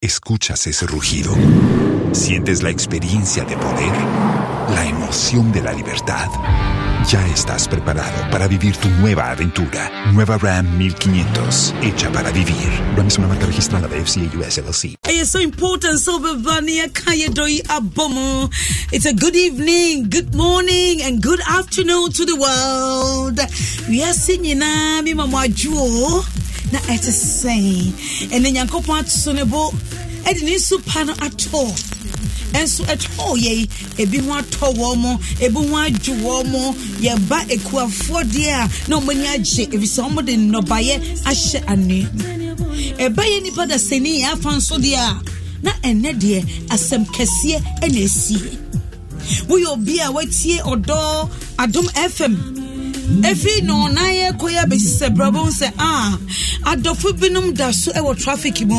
Escuchas ese rugido. Sientes la experiencia de poder, la emoción de la libertad ya estás preparado para vivir tu nueva aventura. Nueva Ram 1500, hecha para vivir. Ram es una marca registrada de FCA US LLC. Hey, it's so important, Abomo. It's a good evening, good morning, and good afternoon to the world. We are singing, mi mama juo. Na ɛte sɛn saying. nyankopɔn ato so ɛde ne nsu pa no atɔ ɛnso ɛtɔ yɛ ebi ho atɔ wɔn mo ebi ho adwo wɔn mo yɛba ekuafoɔ deɛ a na wɔn ani agye efisɛ wɔn de nnɔbaeɛ ahyɛ anwea ɛbɛyɛ nipa da sani yɛ afa nso deɛ a na ɛnɛ deɛ asɛm kɛseɛ ɛna esie woyɛ obi a watie ɔdɔ adom fm Efi no na yɛkɔyɛ abɛsi sɛ brɛbɔ sɛ a ah, adɔfo binom da so ɛwɔ traffic mu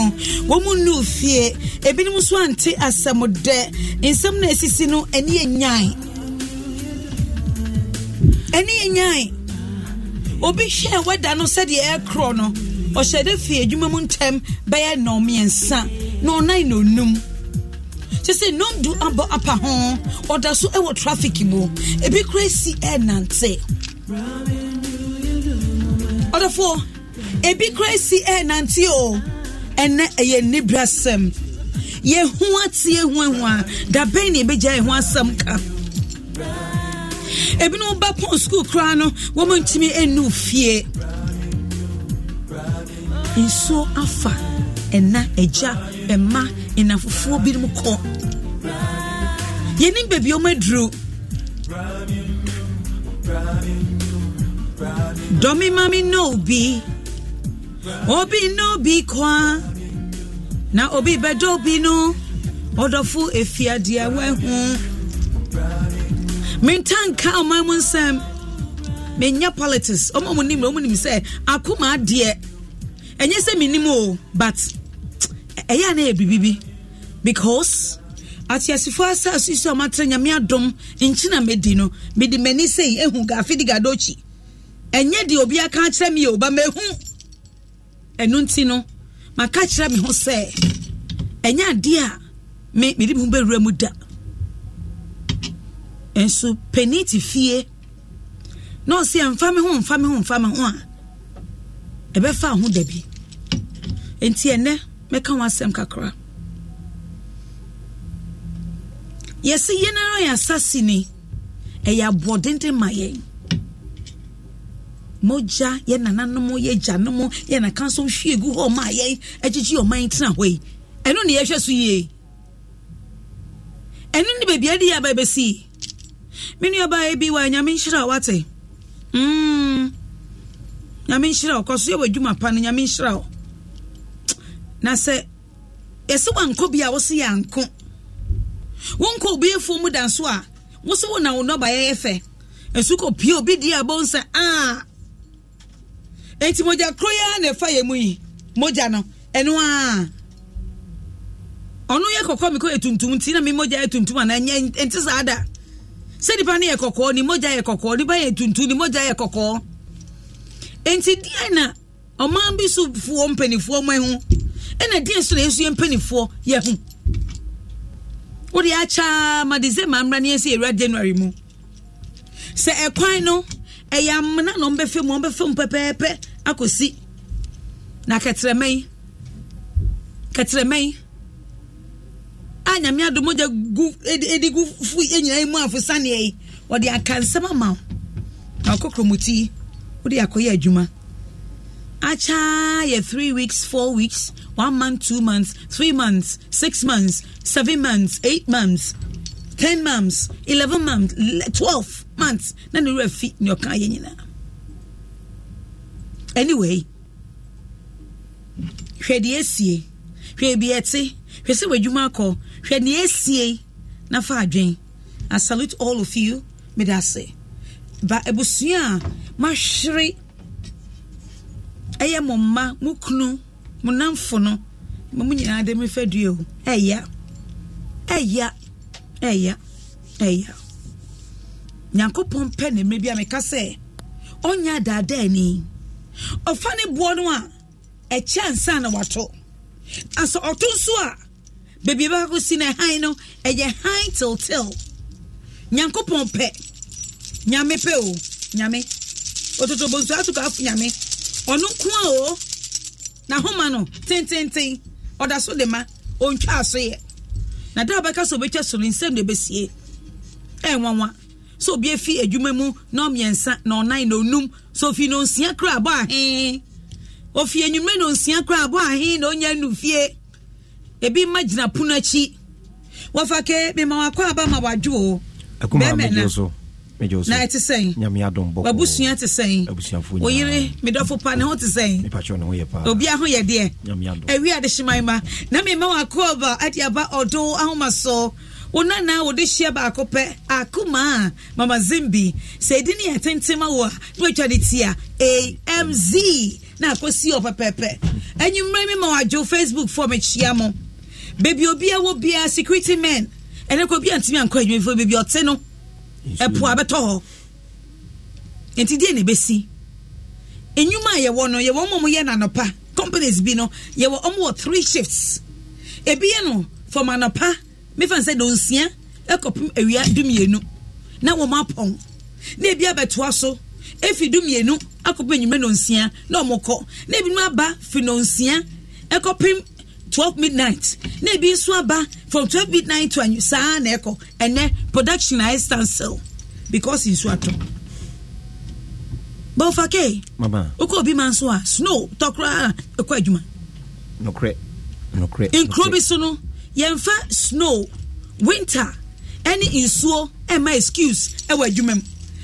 wɔn mu nnu fie ebinom nso ante asɛm dɛ nsɛm na esisi no ɛni yɛ nyan ɛni yɛ nyan obi hwɛ wɛda no sɛdeɛ ɛkorɔ no ɔhyɛ de fi adwuma mu ntɛm bɛyɛ nnɔn mmiɛnsa na ɔnan na onum sese nnɔn du abɔ apa ho ɔda so ɛwɔ traffic mu ebi kura esi ɛnante. E ɔdɔfoɔ ebi kura esi ɛnante o ɛnɛ ɛyɛ nibra sɛm yɛho atie ho ehu a dabɛn na ebegya ɛho asɛm ka ebinom ba pɔn sukuu koraa no wɔn ntumi enu fie nsuo afa ɛna ɛgya ɛma ɛnafofoɔ binom kɔ yɛnim baabi wɔn aduru. dọmi mami n'obi obi obi kwa na obi bɛdɔ obi no ɔdɔfo efiadeɛ wɛho menta nka ɔman mu nsɛm menya politics ɔmo ɔmo nim ɔmo nim sɛ akoma adeɛ ɛnyɛ sɛ o but ɛyɛ a na ebibibi biribi because atiasifo asase so a ɔmo atena nyame adom nkyina medi no mede m'ani sɛ ehu gafe di ɛnyɛ deɛ obi aka akyerɛ me yɛ oba mehu ɛno nti no maka kyerɛ me ho sɛ ɛnyɛ adeɛ a me mede me ho bɛwura mu da nso panin te fie na ɔsi ɛnfa me ho nfa me ho nfa me ho a ɛbɛfa ho dabi nti ɛnɛ mɛka ho asɛm kakra yɛsi yɛn ara yɛ asase ni ɛyɛ e aboɔdenden ma yɛn. mogya yɛ nananom yɛ gyanom yɛ naka nso hwie gu hɔ ɔma a yɛn agyegye ɔman tena hɔ yi ɛno ne yɛhwɛ so yie ɛno ne baabi adi aba bɛsi me nuabaa ebi wa nyame nhyira wate mm. nyame nhyira kɔ so yɛwɔ adwuma pa no nyame nhyira wo na sɛ yɛsɛ wankɔ bi a wo se yɛ anko wonkɔ obiefuo mu da nso a wo se na wo nɔba yɛyɛ fɛ esu kɔ pie obi di a bɔ nsɛ aa ah. nti mogya koro yi ara na ɛfa yɛ mu yi mogya no ɛno a ɔno yɛ kɔkɔɔ mi kɔ yɛ tuntum nti na mi mogya yɛ tuntum ana nyɛ nti saa da sɛ nipa no yɛ kɔkɔɔ ni mogya yɛ kɔkɔɔ nipa yɛ tuntum ni mogya yɛ kɔkɔɔ nti deɛ na ɔman bi so foɔ mpanimfoɔ mo ho ɛna deɛ so na esu yɛ mpanimfoɔ yɛ ho wode akyaa ma december mmra ne yɛsɛ yɛwura january mu sɛ ɛkwan no ɛyɛ amena na ɔmbɛfɛ mu ɔmbɛfɛ mu pɛpɛɛpɛ akɔsi na kɛtrɛmɛn kɛtrɛmɛn a nyame adomogya gu ɛde gu fu e nyinaa mu afosaneɛ yi wɔde aka nsɛm ama wo na ɔkɔkɔmuti yi wode akɔyɛ adwuma akyɛa yɛ three weeks four weeks one month two months three months six months seven months eight months ten months eleven months twelve months na ne werɛ fi ne ɔka yɛ nyinaa anyway hwɛ deɛ esie hwɛ bi ɛte hwɛ sɛ w'adwuma akɔ hwɛ deɛ esie na fa adwen i salute all of you meda ase ba abusua a mahwere ɛyɛ mo mma mo kunu mo namfo no ma mo nyinaa de mefa dua o ɛya ɛya ɛya ɛya nyankopɔn pɛ ne mmerɛ bi a meka sɛ ɔnyɛ adaadaa ni ɔfa ne boɔ no a ɛkyɛ nsa na wato asɛ ɔto nso a beebi a bɛkɔ si na ɛhan no ɛyɛ han tiltil nyankopɔn pɛ nyame pɛ o nyame ototo bonsu atuka afo nyame ɔno nko o n'ahoma no tententen ɔda so de ma ɔntwa aso yɛ na da a bɛka sɛ obɛtwa so no nsɛm na ebesie ɛnwanwa. Eh, sɛ obi efi adwuma mu na mmiɛnsa na ɔnan na onum so ofi na nsia kora abɔ ahee ofi enyimire na nsia kora abɔ ahee na onya nu fie ebi mma gyina pono akyi wɔfa ke mema wakɔ aba ma wadwo o bɛrima na na ɛte sɛn wabusua te sɛn oyere medɔfo pa ne ho te sɛn obia ho yɛ deɛ awia de ma na mema wakɔ aba ade aba ɔdo ahoma soɔ wo na wode hyia baako pɛ akoma a mama zimbi sɛ ɛdi ne yɛ tentema wɔ a ne watwa de ti amz na akɔsi ɔ pɛpɛpɛ anwummerɛ mi ma wadwo facebook fɔ mekyia mo baabi obia wɔ biara security men ɛnɛ kɔ obi antumi ankɔ adwumafoɔ baabi ɔte no ɛpo abɛtɔ hɔ nti deɛ na ɛbɛsi nnwuma a yɛwɔ no yɛwɔ mɔmu yɛ nanɔpa companies bi no yɛwɔ ɔmo wɔ three shifts ebi yɛ no from anɔpa mefa sɛ donsia ɛkɔpem awia dumienu na wɔn apɔn na ebi abɛtoa so efi dumienu akɔpem enyimire nonsia na wɔn kɔ na ebinom aba fi nonsia ɛkɔpem twelve midnight na ebi nso aba from twelve midnight to anyi saa na ɛkɔ ɛnɛ production ayɛ stansel because nso atɔ bɔnfa kee okɔ obi ma nso a snow tɔkura ɛkɔ eh, adwuma. nokorɛ nokorɛ nkuro bi so no yɛmfa snow winter ɛne nsuo ɛma excuse ɛwɔ adwuma mu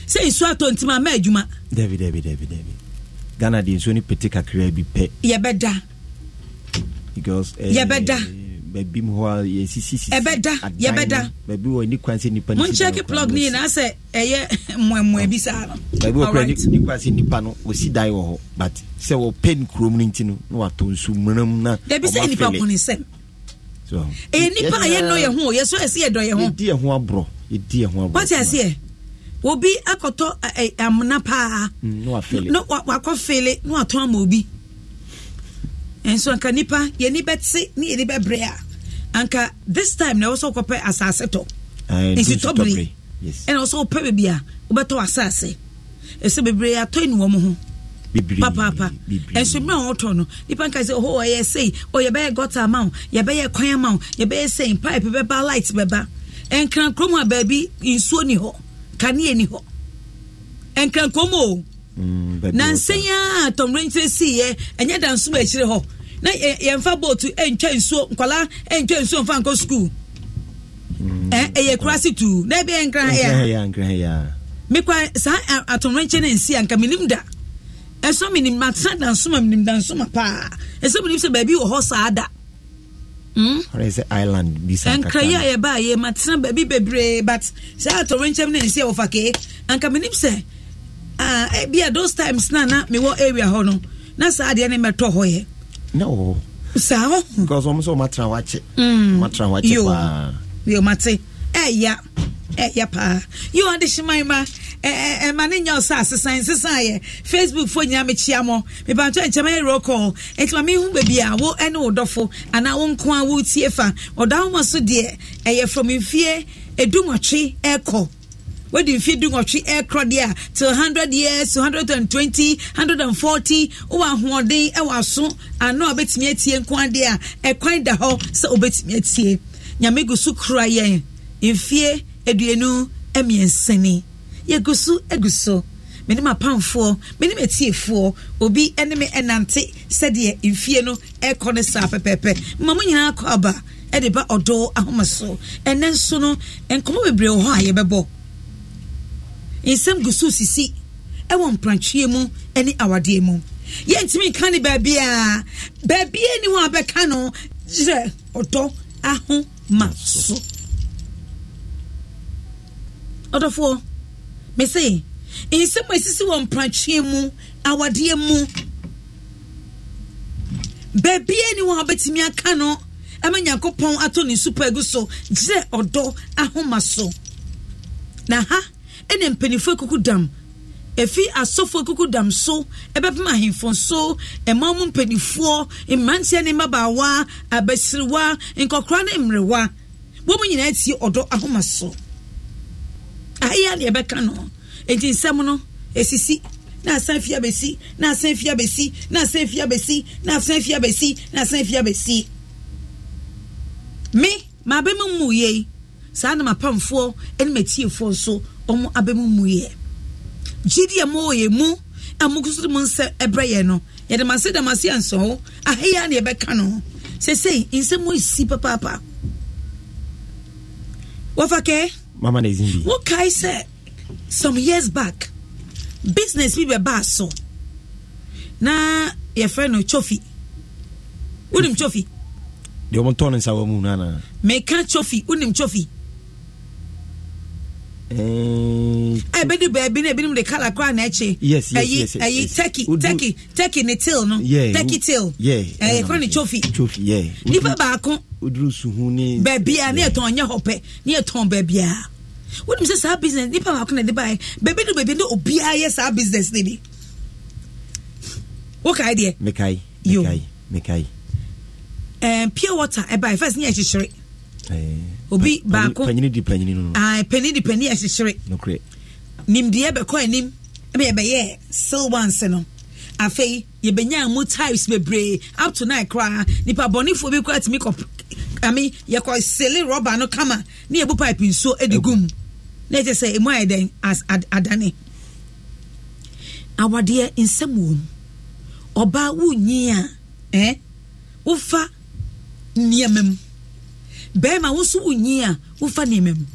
sɛ nsuo atɔ ntoma ama adwuma. dabi dabi dabi dabi ghana de nsuo ni pete kakra bi pɛ. yɛbɛda. because ɛɛ eh, yɛbɛda. baabi mu hɔ a yɛsisisi. ɛbɛda yɛbɛda. baabi wɔ ni kwan sɛ nipa. mo n cɛki plug ni yina sɛ ɛyɛ mɔɛmɔɛ bi saa. baabi wɔ kura ni kwan sɛ nipa no o si dan wɔ hɔ but sɛ wɔ pen kurom ni ti no na wa to nsu mmeram na. dabi sɛ nipa kɔni sɛm ɛyɛ eh, nipa a yɛnɔ yɛn ho yɛ so ɛsi yɛdɔ yɛn ho yɛdi yɛn ho aborɔ yɛdi yɛn ho aborɔ wɔte aseɛ obi akɔtɔ ɛ amuna paa mm, na wakɔ fele na watɔn ama obi nso nka nipa yɛni bɛ te ne yɛni bɛ brɛ a anka this time na ɛwɔ sɛ wɔkɔpɛ asase tɔ nsutɔbiri ɛna ɛwɔ sɛ wɔpɛ beebi a wɔbɛtɔ asase ɛsɛ bebree atɔ inu wɔn ho papaapa ɛnso mmerɛ a wɔtɔ no nipa nka sɛ ɔhɔ ɔyɛ sei ɔ yɛbɛyɛ gɔta ama wo yɛbɛyɛ kwan ama wo yɛbɛyɛ sei pipe bɛba light bɛba ɛnkran kurom a baabi nsuo ni hɔ kanea ni hɔ ɛnkran kurom o nansɛn a tɔmrenkyerɛ siiɛ ɛnyɛ dansoma akyire hɔ na yɛmfa bootu ntwa nsuo nkwadaa ntwa nsuo mfa nkɔ sukuu ɛ ɛyɛ kurasi tuu na ebi yɛ nkran ya mekwa saa atɔmrenkyerɛ ne nsi a nka menim da. ɛsɛ menim matena dansoma menim dansoma paa ɛsɛ menim sɛ baabi wɔ hɔ saa da hmm? nkrayi a yɛbaayɛ matena baabi bebree but saa atɔre nkyɛm no ɛnsi a wɔfa kee anka menim sɛ bia those times na na mewɔ area hɔ no na saa adeɛ ne mɛtɔ hɔ yɛ saa hɔ hmm. yo mate ɛya ɛya paa yi wɔn de hyeman ma ɛɛ e, ɛma e, e, ne nya ɔsɛ asesan sesan yɛ facebook fo nyinaa mekyia mo. mipantɔ nkyɛn mɛ ɛrɛ kɔɔ ɛtuma mi hu beebi a wo ɛne wo dɔfo anaa wo nko a wo tie fa ɔdan wɔn so deɛ ɛyɛ from mfie edumɔtwe ɛkɔ wodi mfe du nwɔtwe ɛkorɔ deɛ a till hundred years to hundred and twenty hundred and forty wowɔ ahoɔden ɛwɔ aso ano a wobɛtumi atie nko adeɛ a ɛkwan da hɔ sɛ wobɛtumi atie nyame gu so kura yɛn mfie aduonu mmiɛnsa ni yɛgu so agu so mene mapamfoɔ mene matiefoɔ obi ne me ɛnante sɛdeɛ mfie no ɛrekɔ no saa pɛpɛɛpɛ ma mo nyinaa kɔ aba ɛde ba ɔdɔ ahoma so ɛnɛ nso no nkɔmɔ bebree wɔ hɔ a yɛbɛbɔ nsɛm gu so sisi ɛwɔ mprantwie mu ne awadeɛ mu yɛntumi nka ne baabi a baabi ani hɔ a bɛka no gyerɛ ɔdɔ ahoma so ɔdɔfoɔ mese nsɛm esisi wɔ mpratwe mu awadeɛ mu beebie ni wɔn a wɔbɛtumi aka no ɛma nyankopɔn ato ne supa egu so gyerɛ ɔdɔ ahoma so na ha ɛna mpanyinfoɔ kuku dam efi asɔfo kuku dam so ɛbɛpem ahemfo so ɛmaa mu mpanyinfoɔ mmeranteɛ ne mmabaawa abɛsiriwa nkɔkora ne mmerewa wɔn nyinaa ti ɔdɔ ahoma so. ayé ah, ni ɛbɛka no eti nsɛm no esisi na asan fi abesi na asan fi abesi na asan fi abesi na asan fi abesi na asan fi abesi me ma bɛ mu mu yie saa na ma pamfoɔ ɛne ma tiefoɔ nso wɔn abɛ mu mu yie gyidi ɛmo yɛ mu ɛmo kusuru mu nsɛ ɛbrɛ yɛ no yɛ damase dɛmase ansɔn ahaya na ɛbɛka no sese nsɛm wo esi papaapa wɔfa kɛɛ mama na ɛzin bi wokae sɛ some years back business bi bɛbaa so na yɛfrɛ no chofi wonim chofi deɛ ɔmotɔ no nsa wa mu no anaa meka chofi wonim chofi ɛbɛ di baabi na ebinom de kala kora na ɛkyi yes yes eh, yes ayi turkey turkey turkey ne tail no yeah, turkey tail ɛyɛ kora ne chofi chofi nipa baako baabia ne yɛtɔn nyɛ hɔ pɛ ne yɛtɔn baabia wonim sɛ saa business nipa baako na de eh, ba yɛ baabi do baabi na obiara yɛ saa business ne bi wokae deɛ Mekai. mekae Mekai. um, pure water ɛba yɛ first ne yɛ kyekyere obi baako panyin di panyin no ah, panyin di panyin ɛhyehyere nokorɛ nimdeɛ bɛkɔ anim ɛbɛ yɛbɛyɛ silver nse no afei yɛbɛnya mu types bebree up to nine koraa nipa bɔnifoɔ bi koraa tumi kɔ ami yɛkɔ sele rɔba no kama ne yɛbu pipe nsuo ɛde gum na ɛkyɛ sɛ emu ayɛ dɛn as ad adane awadeɛ nsɛm wɔm ɔbaa wunyi a ɛɛ wofa nneɛma mu bɛrima wo nso wonyi a wofa nneɛma mu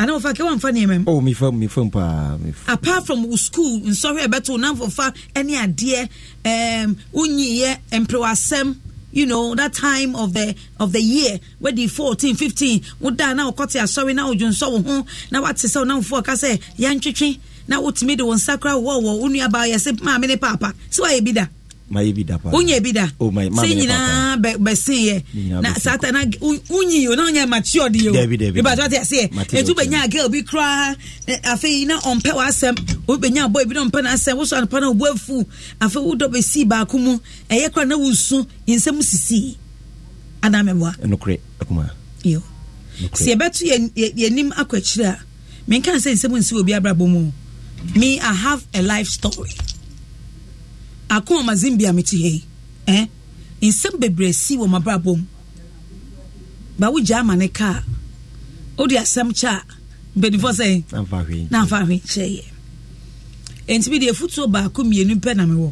anaa wofa kɛ wamfa nneɛma mu. o oh, mi fam mi fam paa mi fam. apart from school nsɔhwɛ ɛbɛto nanfofa ɛne adeɛ ɛɛm wonyiiɛ mpewasɛm you know that time of the of the year where the 14 15 woda na wokɔte asɔre na wodwonsɔ wo ho na wate sɛ wonamfoɔ ka sɛ yɛntwetwe na wotumi de wo nsa kora wowɔ wɔ wo nuabaa yɛ se maame ne paapa sɛ woayɛ bi da mayɛ bi da pa wonyɛ bi da oh, sɛ nyinaa bɛseyɛ na saa ta na wonyiyo na wonyɛ matured yo mebato ate aseɛ ɛnti wobɛnya girl bi koraa e, afei na ɔmpɛ w'asɛm wobɛnya boy bi na ɔmpɛ n'asɛm wosɔ anopa na wobu afu afei wodɔ bɛsii baako mu ɛyɛ kora na wosu yɛnsɛm sisii anaa mɛboa nokorɛ akuma yo sɛ yɛbɛto yɛnim akɔ akyire a menka sɛ nsɛm nsi wɔ bi abrabɔ mu me i have a life story ako ɔma zimbia mete hei eh? nsɛm bebree si wɔ mabrabɔ mu bawo gya ama ne kaa wode asɛm kyɛ a sɛ na amfa hwe kyɛeɛ de bi deɛ baako mmienu pɛ na mewɔ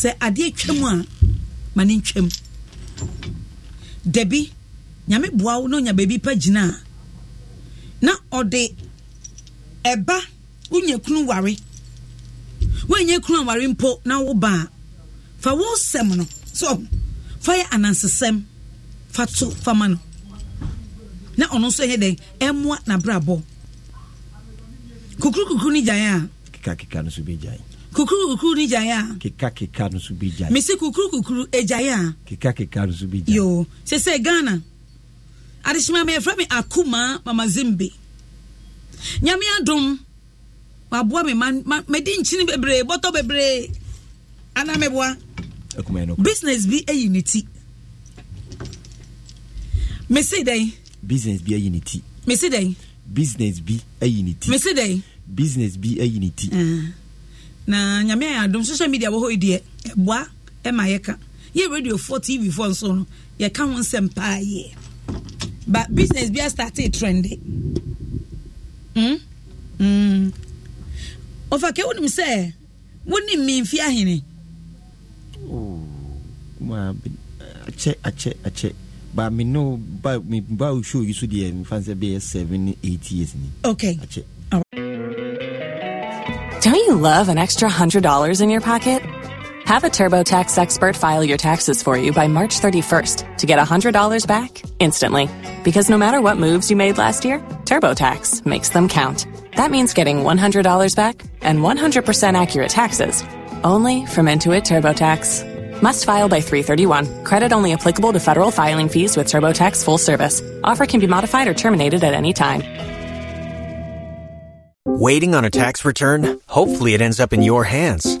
sɛ adeɛ twam a ma ne ntwam dabi nyame boa wo na onya baabi pa gyina na ɔde ɛba wonya kunu ware woanyɛ kunu aware mpo na woba a fa wo sɛm no so fa yɛ anansesɛm fa to fa ma no na ɔno nso yɛ dɛn ɛmoa n'abrabɔ kukuru ni gyae a kekakeka no so kukuru kukurukukuru ni gyae a kekakeka no so bɛgyae mesi kukurukukuru egyae a kekakeka no so bɛgyae yoo sɛsɛ ghana adehyemamɛyɛfrɛ me akuma mama Zimbi. Nyamia dum waboa me ma mede nkyini bebree bɔtɔ bebree ana meboa business bi ayi ne ti mesi dɛn business bi ayi ne ti mesi dɛn business bi ayi ne ti mesi dɛn business bi ayi ne ti ah. na nyame ayɛ adom social media wɔ hɔ deɛ ɛboa ɛma yɛka yɛ radio foɔ tv foɔ nso no yɛka ho nsɛm paa yɛ but business bi a starte trend mm? Mm. wonim sɛ ahene ba me ba me ba o show so seven eight years ni. okay Don't you love an extra $100 in your pocket? Have a TurboTax expert file your taxes for you by March 31st to get $100 back instantly. Because no matter what moves you made last year, TurboTax makes them count. That means getting $100 back and 100% accurate taxes only from Intuit TurboTax. Must file by 331. Credit only applicable to federal filing fees with TurboTax full service. Offer can be modified or terminated at any time. Waiting on a tax return? Hopefully, it ends up in your hands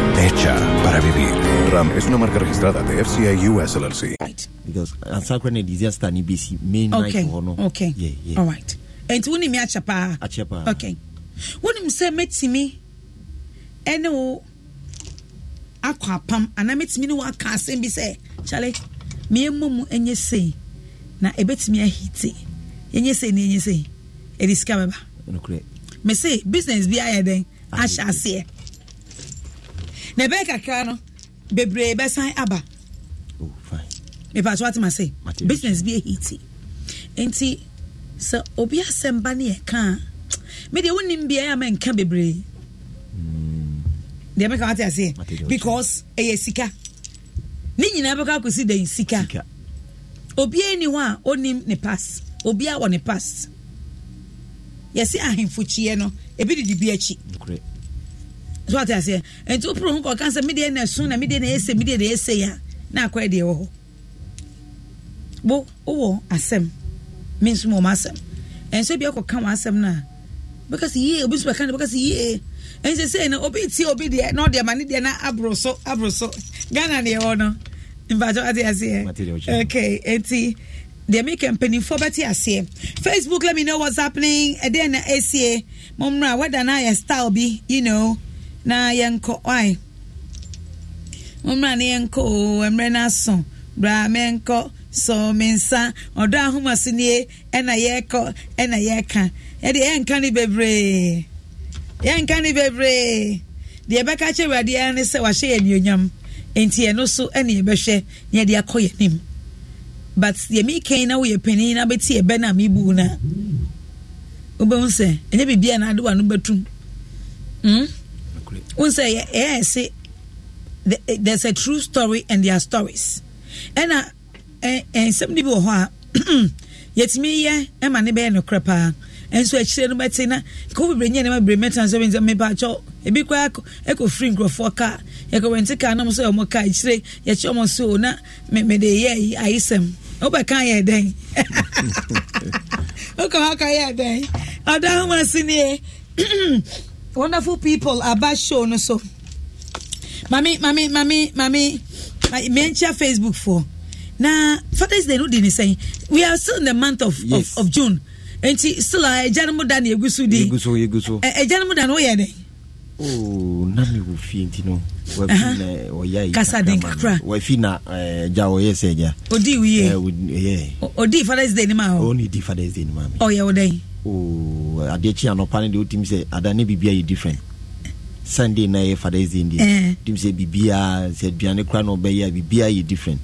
Hecha para vivir. Ram es una marca registrada de FCA US LLC. Right. Because Ansakran is just an EBC main okay. no. Okay. Yeah, yeah. All right. And when me achapa. Achapa. Okay. When you say metimi ɛne wo akɔ apam anaa metimi ne wo aka asɛm bi sɛ kyale meɛmmɔ mu ɛnyɛ sei na ɛbɛtumi e ahite ɛnyɛ sei ne ɛnyɛ sei e ɛde sika bɛba mese business bi ayɛ dɛn ahyɛ aseɛ na ɛbɛyɛ kakra no bebree bɛsan aba oh, mepɛaso atema sɛ business bi ɛhiti nti sɛ obi asɛm ba ne yɛka a medeɛ wonim biaa a menka bebree hmm. deɛ meka wate aseɛ because ɛyɛ sika ne nyinaa bɛkɔ akɔsi dɛn sika obiaa ni hɔ a ɔnim ne pass obiaa wɔ ne pass yɛse ahemfokyeɛ no ebi didi bi akyi so ate aseɛ nti woporo ho kɔka sɛ medeɛ na ɛso na medeɛ na ɛsɛ medeɛ na ɛsɛ yi a na akɔ deɛ wɔ hɔ bo wowɔ asɛm me nso mɔ asɛm ɛnsɛ bi akɔka wɔ asɛm no a bɛka sɛ yie obi nso bɛka no bɛka sɛ yie ɛnsɛ sɛ no obi tie obi deɛ na ɔde ama ne deɛ na aboro so aboro so ghana deɛ wɔ no mpatɔ ate aseɛ okay enti deɛ meka mpanimfoɔ bɛte aseɛ facebook let me know what's happening ɛdeɛ na ɛsie mommra weda no ayɛ style bi you know na yɛnkɔ ai mommra ne yɛnkɔ o mmerɛ no aso bra menkɔ so me nsa ɔdɔ ahomaso nie ɛna yɛkɔ ɛna yɛka ɛde yɛnka ne bebree yɛnka ne bebree deɛ ɛbɛka kyerɛ awurade ara ne sɛ wahyɛ yɛ anuonyam ɛno so ɛne yɛbɛhwɛ na yɛde akɔ yɛnim but deɛ mekɛn na woyɛ panin na bɛti ɛbɛ no a mebu no a wobɛhu sɛ ɛnyɛ biribia na adewa no mm? sɛ yɛyɛ se there's a true story and their stories ɛna eh, eh, nsɛm no bi wɔ hɔ a yɛtumi yɛ ma ne bɛyɛ nokorɛ paa nso akyire no bɛte na kɔ bebree nyɛ nneɛma bebree mɛta nso bɛnsa mmepa akyɛw ebi kɔ ɛkɔ firi nkurɔfoɔ kaa yɛkɔwɛnti kaa nam so yɛ ɔmo kaa akyire yɛkyɛ ɔmo so na mɛmɛde yɛ ayisɛm wobɛka yɛ dɛn wokɔ hɔ ka yɛ dɛn ɔda ahoma si nie wonderful people aba show no so mami mami mami mami mentia facebook for na fathers day no dey ne sɛn we are still in the month of yes. of, of june nti still uh, a ɛgya no mu da na egu so di egu so egu so ɛgya o yɛ dɛ. Oh, na mewɔ fie nti no wafi na gya ɔyɛ sɛ gya ɔdii woyie ɔdii fathers day nim a ɔne di fathers day nim a me ɔyɛ wo dɛn oh, adeɛ kyi anɔpa no deɛ wotumi sɛ ada ne biribia yɛ different sunday na ɛyɛ fathers day ndeɛ wotumi eh. sɛ biribiaa sɛ aduane kora na ɔbɛyɛ a biribiaa yɛ different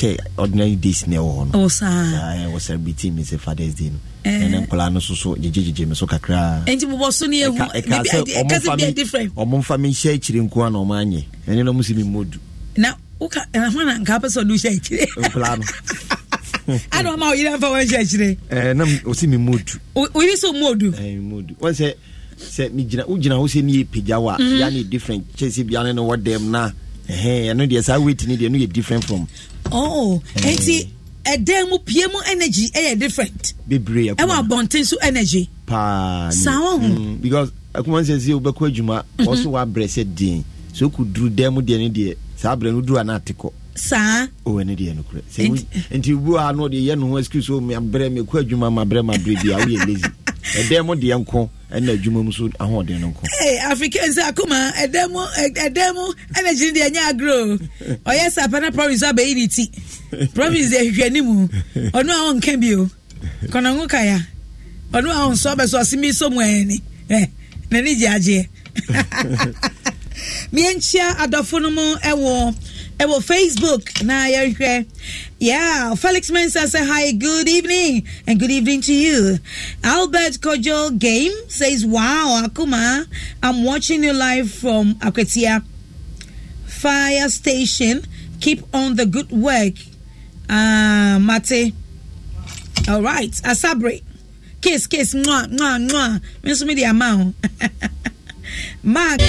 kyɛ ordinary days na ɛwɔ hɔ no oh, wɔ celebrity me sɛ fathers day no eh. ɛne nkɔlaa no soso gyegyegyegye me so kakra. ɛnti bobɔ so ne ɛhuɛka sɛ ɔmo mfa me hyɛ akyire nko eh, na ɔma anyɛ ɛne no mo sɛ memmɔdu na woka hona nka pɛ sɛ ɔde wohyɛ akyire nkɔlaa no ana ɔma ɔyere mfa wɔn hyɛ akyire. ɛɛ na ɔsi mi moodu. oyiri so moodu. ɛɛ eh, moodu wɔn sɛ sɛ mi gyina o gyina o sɛ ni yɛ pagya wa mhm. yanni different kyɛnse bi yanni na ɛhɛn ɛno deɛ saa weight ni deɛ no yɛ different from oh nti ɛdan mu pie mu energy ɛyɛ different bebree ɛwɔ abɔnten so energy paa saa ɔho mm, because akuma nsɛ sɛ wobɛkɔ adwuma ɔso mhm. wabrɛ sɛ den so wokɔduru dan mu deɛ no deɛ saa berɛ no duru ana ate kɔ saa owó ni deɛ nukurɛ nti bu a n'o de yɛ nuhu excuse o mi abrɛ mi kó adwuma ma brɛ ma brɛ bi awo yɛ lazy ɛdɛn mu deɛ nko ɛna adwuma mu so ahoɔden no nko. ee afrikansi akoma ɛdɛn mu ɛdɛn ɛna gyiri deɛ nyɛ agorɔ ɔyɛ sapana province abɛyi ne ti province deɛ hwehwɛ ne mu ɔno a ɔnka bi kɔnɔnko kaya ɔno a ɔnsɔ bɛ so ɔsi mi so mu ɛni ɛ n'ani gye mienkyia adɔfo no mu ɛwɔ. ɛwɔ facebook na yɛhwɛ yeah felix mensa say hi good evening and good evening to you albert kojo game says wow akuma i'm watching you live from akwetia fire station keep on the good work uh, mate all right asabre kiss kiss mwah mwah mwah me me de ama mark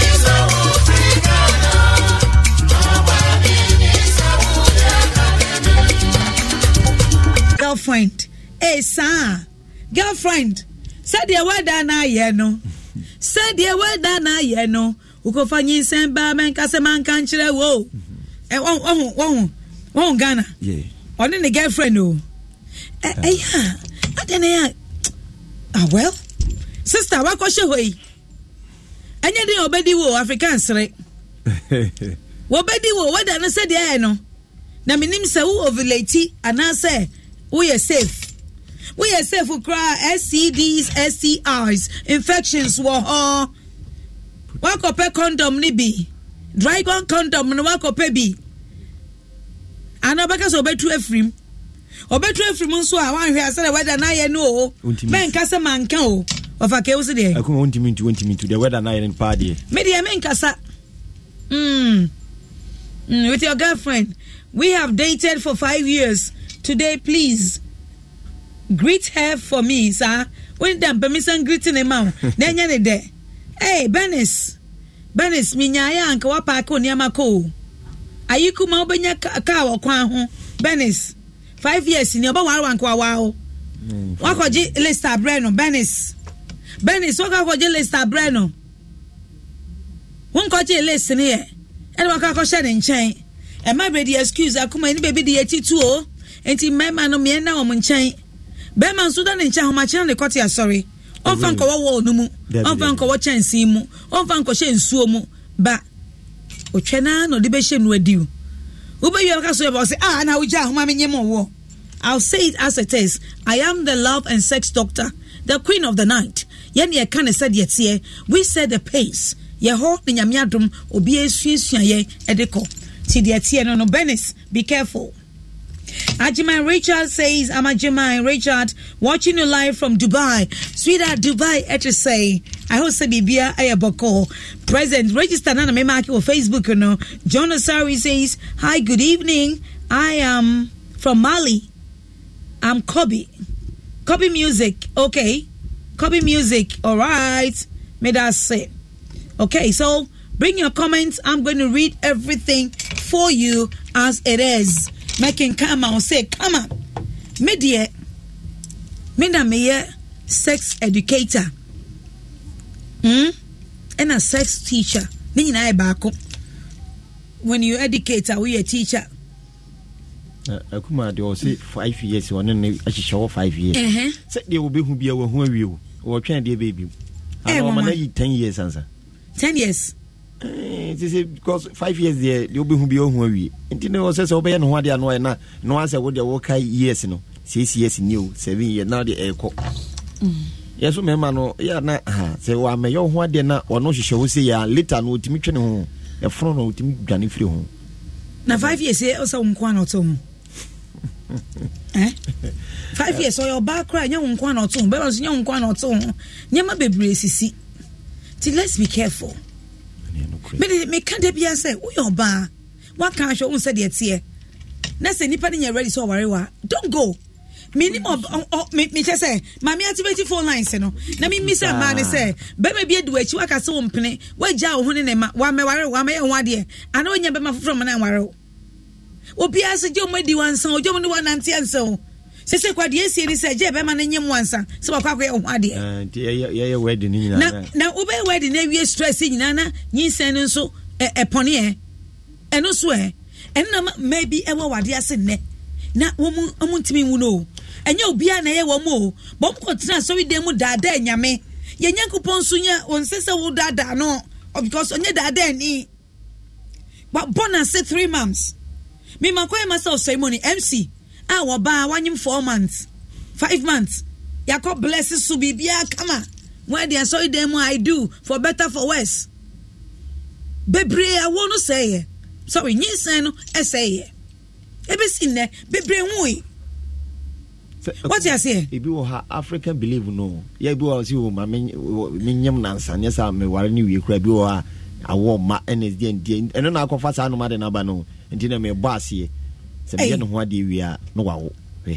girlfriend ee saa girlfriend sɛdeɛ wada na ayɛ no sɛdeɛ wada na ayɛ no wokɔfa nyinsɛn baa mɛnkasɛ manka nkyerɛ wo eh, wɔho wɔho wɔho ghana ɔne ne girlfriend o ɛyɛ a adeɛ na yɛ a well sister wakɔhyɛ hɔ yi ɛnyɛ den ɔbɛdi wo african sere wɔbɛdi wo wada no sɛdeɛ ayɛ no na menim sɛ wo ovulati anaasɛ We are safe We are safe koraa scds stis infections wɔ hɔ wakɔpɛ condom no bi dragon condom no wakɔpɛ bi anaa ɔbɛka sɛ ɔbɛtu afirim ɔbɛtu afirim nso a wanhwɛ asɛ dɛ na ye no o mɛnka sɛ manka o ɔfa ka ewu si deɛ. unti ontimi ntu ontimi ntu deɛ wɛda n'ayɛ no paa Me mi deɛ menkasa mm. mm. with your girlfriend we have dated for five years today, please greet her for me, sir. When them permission greeting him out, then you there. Hey, Benis, Benis, minyaya anka wapa ako niyama ko. Ayiku maubenya kawa kwa hon. Benis, five years ni oba wawa anka wawao. Wako mm, ji lista breno, Benis. Benis, wako ji lista breno. Wunkɔgye list ni yɛ, ɛna wakɔ akɔhyɛ ne nkyɛn. Ɛma bɛ di excuse akuma yi ne baabi di yɛ tu o. nti mmarima no mmiɛn wɔn nkyɛn bɛrima nso da ne nkyɛn ahomakyerɛ ne kɔte asɔre nkɔwɔ mu nkɔwɔ kyɛnsee mu nkɔhyɛ nsuo mu ba otwa naa na ɔde bɛhyɛ mu adi o ɔka so yɛ ah, na wogya ahoma mi nye mu i'll say it as it is i am the love and sex doctor the queen of the night yɛn yɛka ne sɛ deɛ teɛ we set the pace yɛhɔ ne nyame adom obi esuasua yɛ ɛde kɔ ti deɛ teɛ no no benis be careful. Ajima Richard says, I'm Ajima Richard, watching you live from Dubai. Sweetheart, Dubai, et say, I hope Sabibia Ayaboko. Present, register me Memaki or Facebook, you know. John Osari says, Hi, good evening. I am from Mali. I'm Kobe. Kobe Music, okay. Kobe Music, all right. May that say. Okay, so bring your comments. I'm going to read everything for you as it is. Making mɛkenka ma wo sɛ kama me deɛ me na meyɛ sex educator mm? ɛna sex teacher ne na e baako when you educator, we a woyɛ teacher akuma deɛ ɔse five years ɔne ne ahyehyɛ wɔ five years sɛ deɛ wobɛhu bia wahu awie o wɔtwɛn deɛ bɛbi mu anɔma no ayi ten years ansa ten years Eh, sisi because five years deɛ deɛ wobɛhu bi ɔhu awie nti ne ɔsɛ sɛ wobɛyɛ ne ho adeɛ ano ɛ na na wasɛ wo deɛ wɔka years no six years ni o seven years na deɛ ɛrekɔ mm. yɛ so mmarima no yɛ na ha sɛ wɔamɛyɛ wo ho adeɛ na ɔno hyehyɛ wo sɛ yɛ later no ɔtumi twe ne ho ɛfono no ɔtumi dwane firi ho na five years yɛ sɛ wo nko ana ɔtɔ eh? five years ɔyɛ ɔbaa koraa nyɛ wo nko ana ɔtɔ bɛrɛ nso nyɛ ɔtɔ bebree sisi let's be careful mede meka da bia sɛ woyɛ ɔbaa woaka ahwɛ wo sɛdeɛ teɛ na sɛ nnipa no nyɛ ready sɛ ɔware wɔ a don't go menim mekyɛ sɛ mame activate phone lines no na memi sɛ mmaa ne sɛ bɛma bi adi wakyi woaka sɛ wo mpene woagya wo ho ne ne ma wamɛware wo amɛyɛ ho adeɛ anaa wonya bɛma foforɔ ma no anware wo obiaa sɛ gye ɔma adi wansa o gye ɔm ne woanante ansa o sese kwa deɛ esie eh, ni sɛ gye bɛma no nye mu ansa sɛ wakɔ akɔ yɛ ho adeɛ. nti yɛyɛ wɛdi ni nyinaa. na na wobɛyɛ wɛdi na ewie stress nyinaa na nyinsɛn e, e e. no nso ɛ ɛpɔneɛ ɛno so ɛ ɛno na mmaa bi ɛwɔ wadeɛ ase nnɛ na wɔn mu wɔn mu ntumi nwu no o ɛnyɛ obiara na ɛyɛ wɔn o bɔn kɔ tena asɔre dan mu daadaa nyame yɛn nyankopɔn nso nyɛ wɔn nsɛsɛ wɔ daadaa no because ɔnyɛ daadaa ni bɔ na se three months mi yɛ ma sɛ ɔsɔ mc a wɔbaa wanyim four months five months yakɔ bless so biribiara kama wɔn adi asɔre dan mu i do for better for worse bebree awo no sɛɛyɛ sorry nyinsan no ɛsɛɛyɛ ebi si nnɛ bebree nwui wɔte aseɛ. ebi wɔ ha african belief no yɛ ebi wɔ ha si wo ma mi nyam nansa nyɛ sa mi ware ne wie kura ebi wɔ ha awɔ ma ɛna ɛdi ɛndi ɛno na akɔfa saa anoma de n'aba no nti na mi bɔ aseɛ sɛ meyɛ ne ho adeɛ wie a na wawo hwɛ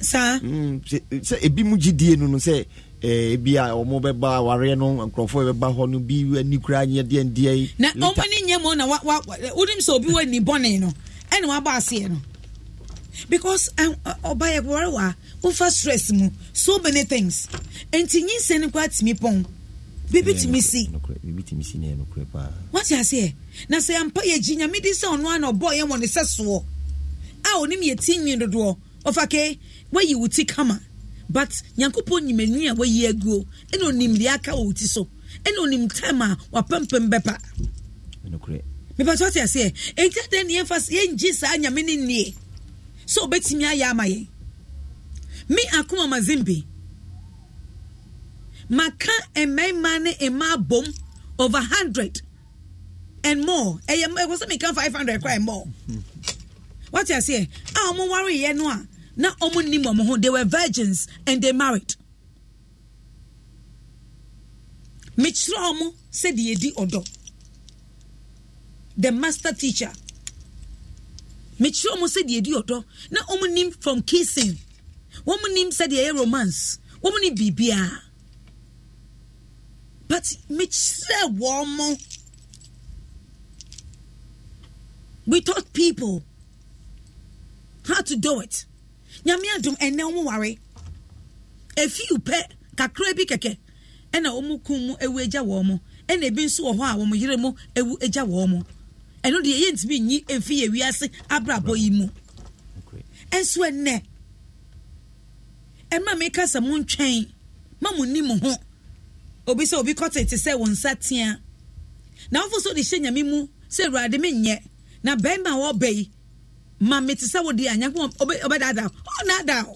saa mm, sɛ ebi mu gyidie no no sɛ eh, ebi a wɔn bɛba awareɛ no nkurɔfoɔ bɛba hɔ no bi ani kura nyɛ deɛ ndeɛ yi. na wɔn ni nyɛ mu na wa wa wonim sɛ obi wɔ ni bɔnne no ɛna wabɔ aseɛ no because eh, ɔba yɛ wɔre wa wofa stress mu so many things nti nyinsɛn no kora tìmi pɔn biribi tumi si biribi tumi si na yɛ nokorɛ paa wate aseɛ na sɛ ampa yɛgyi nyame de sɛ ɔno ana ɔbɔɔ yɛ wɔ ne sɛ soɔ a ɔnim yɛti nwi dodoɔ ɔfa ke wayi wo ti kama but nyankopɔn nyimani a wayi aguo ɛna ɔnim deɛ aka wɔ wo ti so ɛna ɔnim time a wapampam bɛpa mepɛtɛ wate aseɛ ɛnti adɛn ne yɛmfa yɛngye saa nyame no nnie sɛ ɔbɛtumi ayɛ ama yɛn me akoma mazembe maka mmarima ne mmaa bom over hundred and more ɛyɛ ɛwɔ sɛ meka five hundred kora and more wate aseɛ ah, a wɔn wareyɛ no a na wɔn nim wɔn ho they were virgins and they married mekyerɛ wɔn sɛdeɛ yɛdi ɔdɔ the master teacher mekyerɛ wɔn sɛdeɛ yɛdi ɔdɔ na wɔn nim from kissing wɔn nim sɛdeɛ ɛyɛ romance wɔn nim biribiara. but mekyerɛ wɔn mo we taught people how to do it nyame adum ɛnɛ wɔn ware efi pɛ kakra bi kɛkɛ ɛna wɔn kun mu ewu egya wɔn mo ɛna ebi nso wɔ hɔ a wɔn yere mu ewu egya wɔn mo ɛno deɛ yɛn ntumi nyi efi yɛ abrabɔ yi mu ɛnso ɛnɛ ɛma mi kasa mu ntwɛn ma mu ni mu ho obi sɛ obi kɔte te sɛ wo nsa tea na wofo so de hyɛ nyame mu sɛ awurade menyɛ na bɛrima a wɔba yi ma mete sɛ wode anyankopɔn ɔbɛdaadaa ɔnaadaw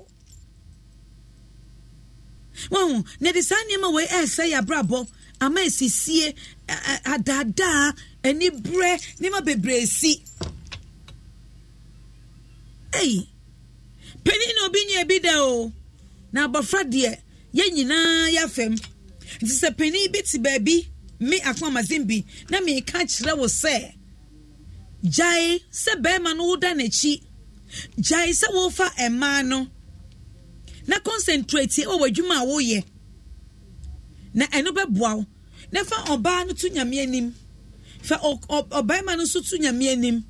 wahu na de saa nneɛma wei ɛɛsɛ yɛ abrabɔ ama ɛsisie adaadaa ani nneɛma bebree si ei panin na obi nyɛ bi da o na abɔfra deɛ yɛn nyinaa yɛafam nti sɛ panyin bi te baabi me akomamazin bi na meka kyerɛ wo sɛ gyae sɛ barima no woda n'akyi gyae sɛ wofa mmaa no na concentrate wɔ adwuma a woyɛ na ɛno bɛboa wo na fa ɔbaa no to nyame anim fa ɔbarima no nso to nyame anim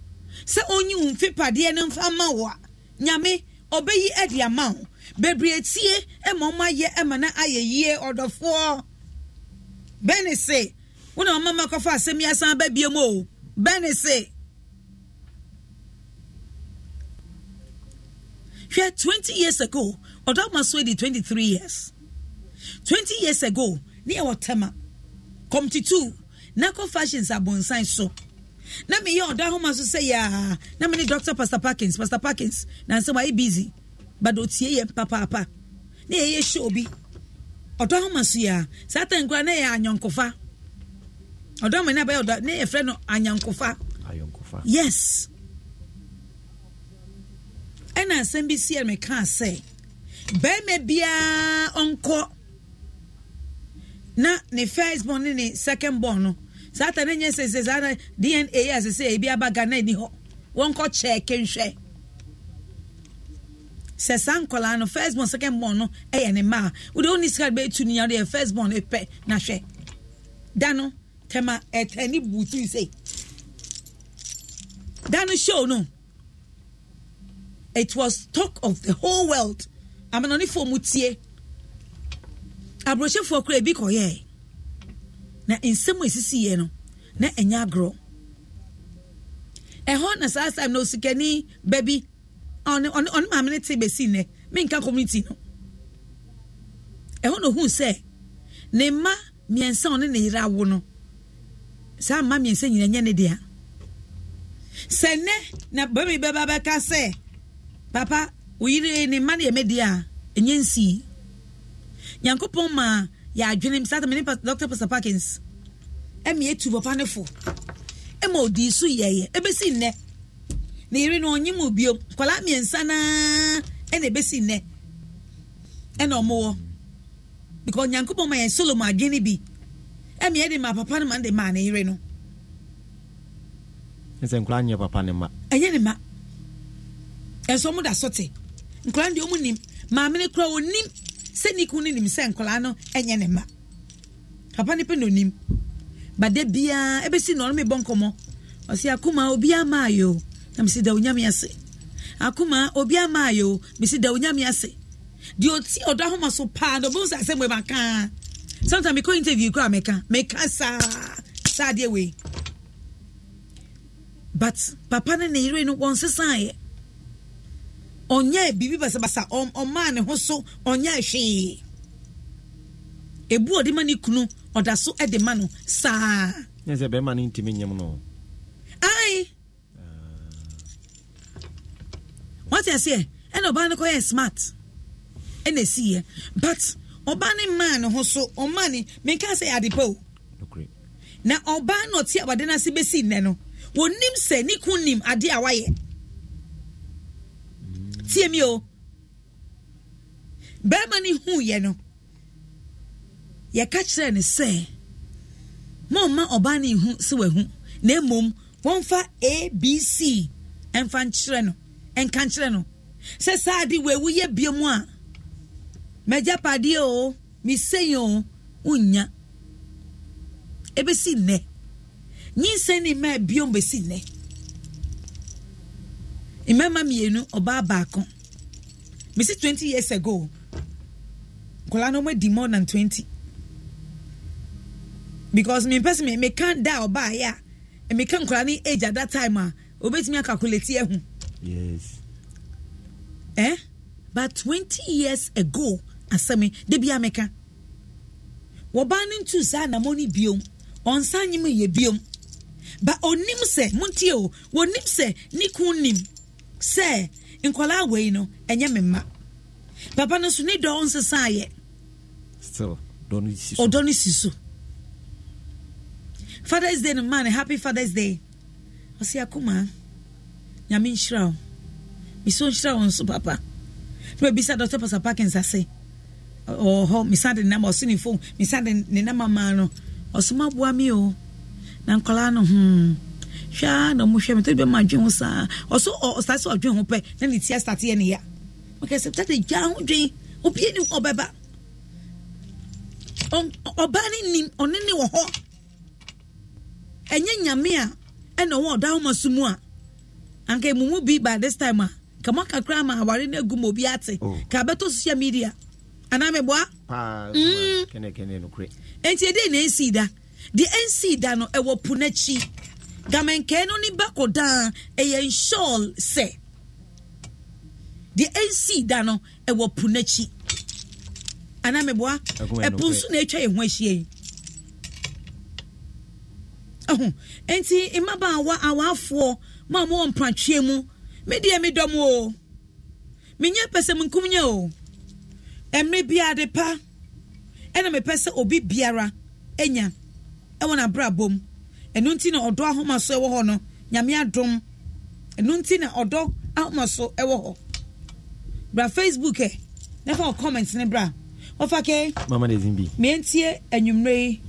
sɛ ɔnyi wo mfepadeɛ no mfa ma wo a nyame ɔbɛyi de ama wo bebree tie ma ɔmo ayɛ ma no ayɛ yie ɔdɔfoɔ bẹ́ẹ̀ni sè wọn na ọmọ mẹ́kọ̀ọ́fọ́ asẹ́mi asan bẹ́ẹ̀ bíẹ́ mu o bẹ́ẹ̀ni sè. hwɛ twenty years ago ɔdɔ ma so di twenty three years twenty years ago ne yɛ wɔ tɛma two nakɔ fashions abonsan so na meyɛ ɔdɔ ahoma so sɛ yɛa na mene dr pastor parkins pastor parkins nansɛ wayɛ busy but ɔtie yɛ papaapa ne yɛyɛ show bi ɔdɔ homa so yia saa ta nkura ne yɛ anyɔnkofa ɔdɔ homa ne abɛyɛ ne yɛ frɛ no anyɔnkofa yes ɛna asɛm bi si ɛmɛ kaa sɛ bɛrima biara ɔnkɔ na ne first born ne ne second born no saa ta ne nyɛ sese saa na dna yɛ sese ebi aba ghana ni hɔ wɔnkɔ kyɛɛ kenhwɛ sɛ saa nkɔlaa no first born second born no yɛ ne mma a wode woni sika de bɛtu nia wode yɛ first born pɛ na hwɛ no tɛma ɛtɛ ne butu sei da show no it was talk of the whole world amanɔnifoɔ mu tie aburokyefoɔ kura ebi kɔyɛ na nsɛm a esisi yɛ no na ɛnyɛ agorɔ ɛhɔ na saa saa na osikani bɛbi ɔne ɔne ɔne maame ne te besi nɛ menka community no ɛhɔ na ohun sɛ ne mma mmiɛnsa ɔne ne yere awo no saa mma mmiɛnsa nyina nyɛ ne dea sɛ nɛ na bɛmi bɛba bɛka sɛ papa oyire ne mma ne yɛ mɛ dea ɛnyɛ nsii nyankopɔn ma yɛ adwene mu saa tamale dr pastor parkins ɛmi tu papa ne fo ɛma odi so yɛyɛ ebesi nɛ mmienu no ɔnye mu bio nkwadaa mmiɛnsa naa ɛna ebesi nnɛ ɛna ɔmo wɔ because nyankopɔn ma yɛn solomo adwene bi ɛmi ɛde ma papa no ma de ma ne yere no. ɛsɛ nkwadaa nyɛ papa ne ma. ɛnyɛ ne ma ɛnso ɔmo da so te nkwadaa deɛ ɔmo nim maame ne kura onim sɛ ne kun ne nim sɛ nkwadaa no ɛnyɛ ne ma papa ne pe na onim bade biara ebesi na ɔno mi bɔ nkɔmɔ ɔsi akuma obiara maa yi na mesi da onyame ase akoma obi ama ayɛ mesi da onyame ase deɛ ɔti ɔdɔ ahoma so paa na ɔbɛn sɛ asɛm ɛba kaa sometimes mekɔ interview kora meka meka saa saa adeɛ wei but papa ne ne yere no wɔn sesaeɛ ɔnyɛ biribi basabasa ɔmaa ne ho so ɔnyɛ hwee ebu ɔde ma ne kunu ɔda so de ma no saa. ne sɛ bɛrima no ntumi nyɛm no. ayi. wate aseɛ ɛna ɔbaa no kɔyɛ smart ɛna esiiɛ but ɔbaa ne mmaa ne ho so ɔmaa ne meka sɛ yɛ adepa o na ɔbaa na ɔte awade no ase bɛsi nnɛ no wɔnim sɛ ne ko nim adeɛ a wayɛ tie mi o bɛrima ne hu yɛ no yɛka kyerɛ ne sɛ ma ɔma ɔbaa ne hu sɛ wahu na mmom wɔmfa abc ɛmfa nkyerɛ no nka nkyerɛ no sɛ saa de wewu yɛ bie mu a mɛgya padeɛ o mesɛyi o wonya ɛbɛsi nnɛ nyinsɛn ne mmaa biom bɛsi nnɛ mmarima mmienu ɔbaa baako mesi twenty years ago nkwadaa no wɔn di more than twenty because mi mpɛ sɛ mi meka da ɔbaa yɛ a meka nkwadaa ne age at that time a obetumi akalkulate ɛho yes eh but 20 years ago asɛm de bi ameka wɔbaa no ntu saa anamɔ no biom ɔnsa nyim biom ba onim sɛ montie o wɔnim sɛ ne ko nim sɛ nkwadaa wei no ɛnyɛ me mma papa no so ne dɔn nsesaayɛ ɔdɔ no si so father's day no maa happy father's day ɔsi kuma nyame nhyira wo mesɛ nhyira wo nso papa ne babisa dr pasa parkins ase ɔwɔ hɔ mesa de nnama ɔse ne fom mesa de ne nama maa no ɔso maboa me o na nkɔlaa no hmm hwɛ a na mohwɛ me tɔde bɛma adwen ho saa ɔso ɔsa sɛ ɔdwen ho pɛ na ne tia stateɛ ne ya mekɛ sɛ tade gyaa ho dwen obie ne ho ɔbɛba ɔbaa ne nim ɔne ne wɔ hɔ ɛnyɛ nyame a ɛna ɔwɔ ɔda homa so mu a anka emumu bi by this time a kama kakra ama awari na egu ma obi ate oh. ka abɛtɔ social media anamibua. paa mm. kene kene nukuri. nti edi na esi da deɛ nsi da no ɛwɔ po n'akyi gamenkɛɛ no ne bako daa ɛyɛ nsɔɔl sɛ deɛ nsi da no ɛwɔ po n'akyi anamibua ɛpo e nso na atwa yɛn ho ahyia yi. ɛho nti mmabaawa awaafoɔ. ma mo wɔ mpratweɛ mu me deɛ me dɔm o menyɛ pɛ sɛ menkum nyɛ o mmerɛ biara de pa ɛna mepɛ sɛ obi biara anya ɛwɔ n'abrabɔ mu ɛno nti na ɔdɔ ahoma so ɛwɔ hɔ no nyame adom ɛno nti na ɔdɔ ahoma so ɛwɔ hɔ bra facebook ɛ e. na fa comment ne bra ɔfa kɛ mama de zimbi mientie anwummerɛ yi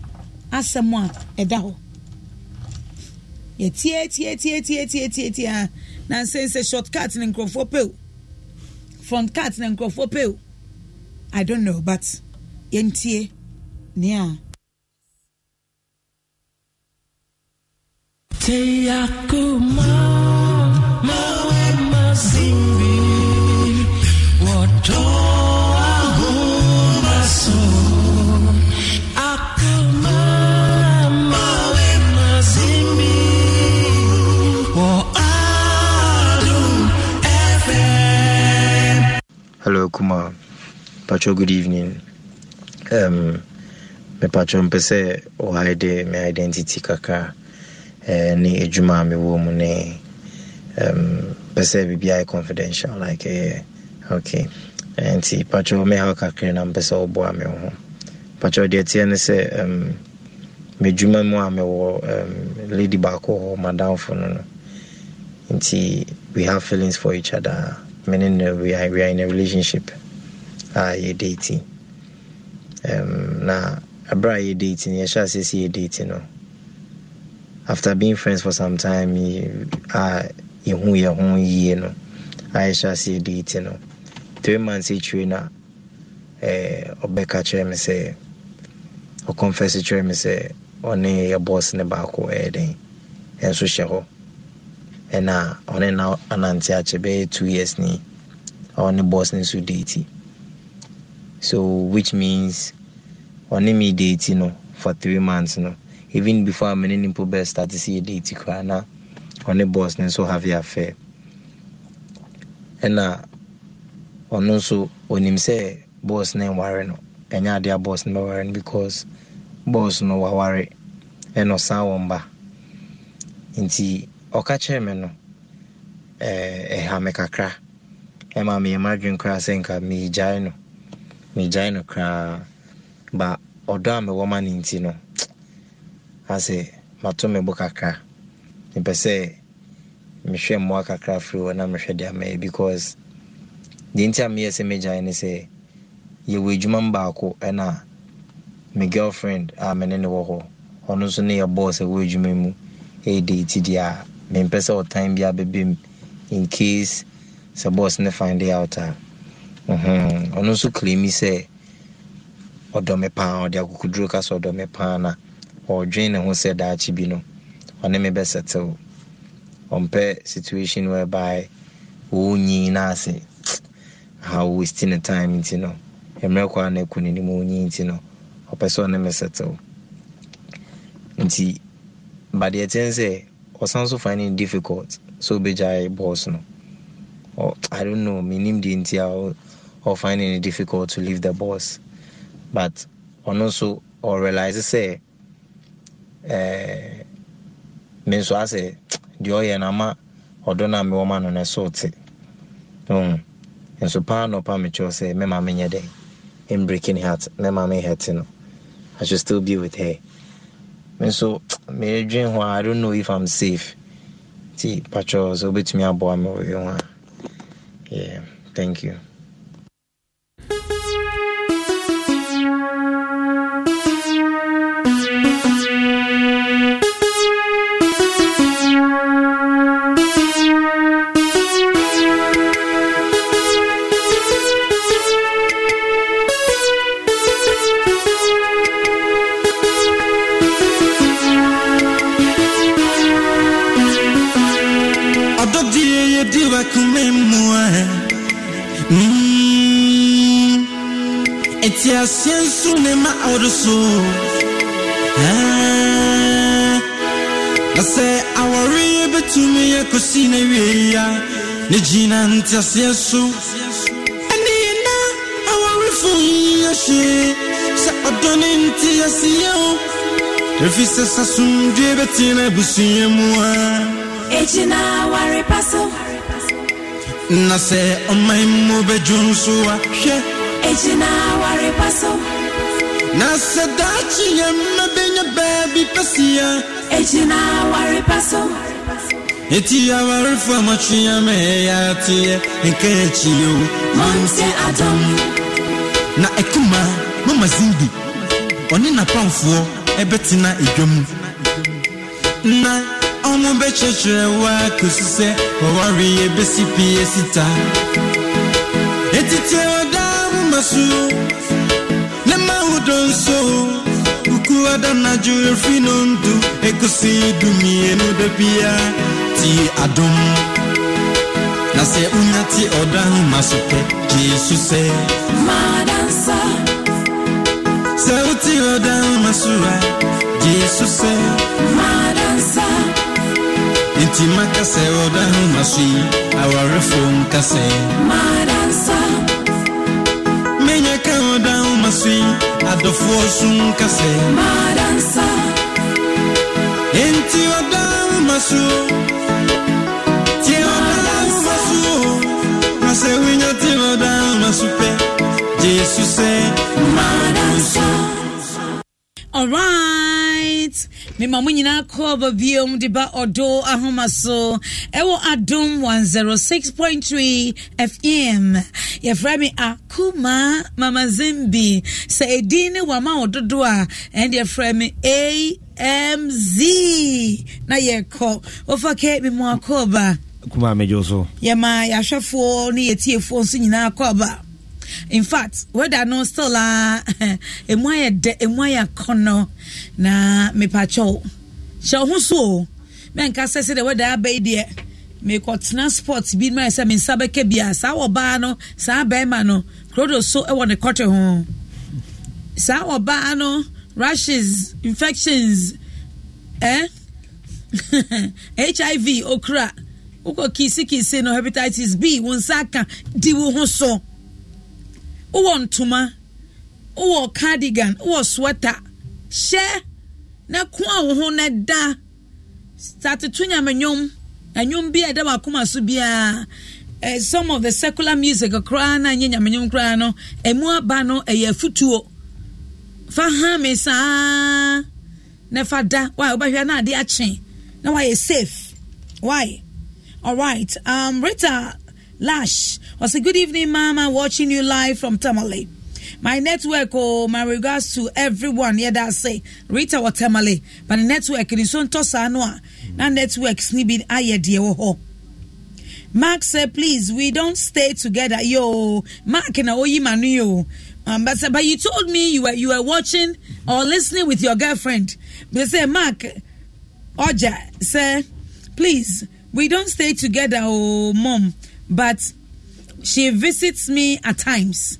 asɛm a ɛda hɔ yɛtiatiatiatiatiatiatia ah. na nsɛn sɛ short cut ne nkurɔfoɔ pew front cut ne nkurɔfoɔ pew i don't know but yɛntie nea Take a Kuma. Pacho, good evening. Um, mepatwɛ mpɛ sɛ wɔhaede me identity kaka? eh, ne adwuma a mewɔ mu ne um, pɛ sɛ confidential like ɛyɛ eh, okay nti patwɛ mehaw kakra na mpɛ sɛ wɔboa me ho patwɛ deɛ teɛ ne sɛ um, medwuma mu a mewɔ um, lady baako hɔ madam no no nti we have feelings for each other Meaning ne uh, we are, we are in a relationship Ah, yɛ dating um, na ɛberɛ a dating yɛhyɛ ase sɛ yɛ dating no after being friends for some time a yɛhu yɛ ho yie no I shall ase yɛ dating no three months akyire no eh, Obeka kyerɛ me say, confess ɔkɔmfɛse kyerɛ me sɛ ɔne your boss ne baako ɛyɛ eh, den ɛnso hyɛ hɔ ɛna ɔne na anante akyɛ bɛyɛ two years ni ɔne boss ni so deeti so which means ɔne me deeti no for three months no even before amene ne mpo start sɛ yɛ deeti koraa na ɔne boss ni so have affair ɛna ɔno nso ɔnim sɛ boss ni nware no ɛnyɛ adeɛ a boss ni bɛware no because boss no waware ɛna ɔsan wɔn ba nti ɔka eh, eh, kyerɛ me no ɛha me kakra ɛma meyɛma adwen koraa sɛ nka meegyae no meegyae no koraa ba ɔdɔ a mewɔ ma no nti no asɛ mato me bo kakra mepɛ sɛ mehwɛ mmoa kakra firi hɔ na mehwɛ deɛ amayɛ because deɛ nti a meyɛ sɛ megyae ne sɛ yɛwɔ adwuma m baako ɛna me girlfriend a me ne ne wɔ hɔ ɔno nso ne yɛbɔɔ sɛ wɔ adwuma mu ɛyɛ e de ti deɛ a mempɛ sɛ ɔtan bi abɛbɛ mu in case sɛ boss ne find out a ɔno mhm. nso claim sɛ ɔdɔ me paa ɔde akokoduro ka sɛ ɔdɔ me paa na ɔdwen ne ho sɛ daakye bi no ɔne me bɛsɛtew ɔmpɛ situation whereby ɔwɔ nyi no ase how wasting the time nti no mmerɛ kɔ a na ɛkɔ n'anim ɔnyi nti no ɔpɛ sɛ ɔne me sɛtew nti badeɛ kyɛn sɛ ɔsan also finding it difficult so obɛgyae boss no or i don't know menim deɛ nti a ɔfind it difficult to leave the boss, but ɔno nso ɔrealise sɛ ɛɛ eh, me nso asɛ deɛ ɔyɛ no ama woman no a mewɔ eh. ma mm. pa no pa te nso paa nɔpa mekyerɛw sɛ mɛma menyɛ dɛ mbreaking heart mɛma me hɛte no i should still be with her so meedwen hɔ I i don't know if i'm safe nti patwɛ sɛ wobɛtumi aboa me wɔ hwɛ ho yeah thank you ti ase nso ne ma ɔdo so eh. na sɛ awɔreyɛ bɛtumi yɛ kɔsi ne wieya ne gyina nteaseɛ so ɛne yɛ na awɔrefo yɛ hwee sɛ ɔdɔ ne nteaseɛ o ɛfiri sɛ sasomdwe bɛte na abusua mu a ɛgyina aware pa na se ɔman mu bɛdwo nso ahwɛ ɛgyina awarepa so na sɛ daakye yɛ mmabɛnya baabi pɛsia ɛgyina awarepa so eti awarefo amatwea ma ɛyɛ ateɛ nka akyio mante adam na ɛkuma mama zindi ɔne napamfoɔ ɛbɛtena edwa mu na ɔmo bɛkyerɛkyerɛ wɔ a kosi sɛ ɔware yɛbɛsi pii esita etitie su ne ma hudo nso ukwu ada efi no ndụ ekwesị idumie n'odobe ya ti adum na sɛ unya ti ɔda ma so pɛ jesu sɛ madansa sɛ woti ɔda ho ma so a jesu sɛ madansa nti maka sɛ ɔda ma so yi awarefo nka sɛ madansa danse adɔfoɔ so nka madansa enti ɔda woma so tie ɔda woma so na sɛ wonya tie ɔda woma so pɛ gyesu sɛ e. madansa All right. mema mo nyinaa kɔɔba biom de ba ɔdo ahoma so ɛwɔ adom 106.3 fm yɛfrɛ me mama zimbi sɛ ɛdin ne wama wo dodo a ɛn deɛ frɛ me a mz na yɛkɔ wɔfa kɛ memu akɔɔba kuma megyo so yɛma yɛahwɛfoɔ ne yɛtiefoɔ nso nyinaa kɔɔba in fact weda no still uh, a emu ayɛ dɛ ɛmu ayɛ akɔnɔ na mepatwɛw hyɛ wo ho so o mɛnka sɛ sɛdeɛ weda abɛyi deɛ mekɔtena sport bi ma sɛ me nsa bɛka bia saa wɔbaa no saa bɛrima no kurodo so ɛwɔ e ne kɔte ho saa wɔbaa no rashes infections eh? hiv okura wokɔ kisikisi no hepatitis b wo nsa aka di wo ho so wowɔ ntoma wowɔ cardigan wowɔ sweater hyɛ na ko a wo ho na da sateto nyamenwom ɛnwom bi a ɛda wakoma so biara eh, some of the secular music koraa na ɛnyɛ nyamenwom koraa no ɛmu aba no ɛyɛ afutuo fa ha me saa na fa da why wobɛhwɛ na ade akye na wayɛ safe why all right um, rita Lash. I say, Good evening, Mama. watching you live from Tamale. My network, oh, my regards to everyone. Yeah, that's say Rita or Tamale. But the network is on Tosanoa. Now, network snibbing ayedia ho. Mark said, please, we don't stay together. Yo, Mark and Oyi Manu. Um, but, but you told me you were you were watching or listening with your girlfriend. They say, Mark, Oja, sir, please, we don't stay together, oh, mom but she visits me at times.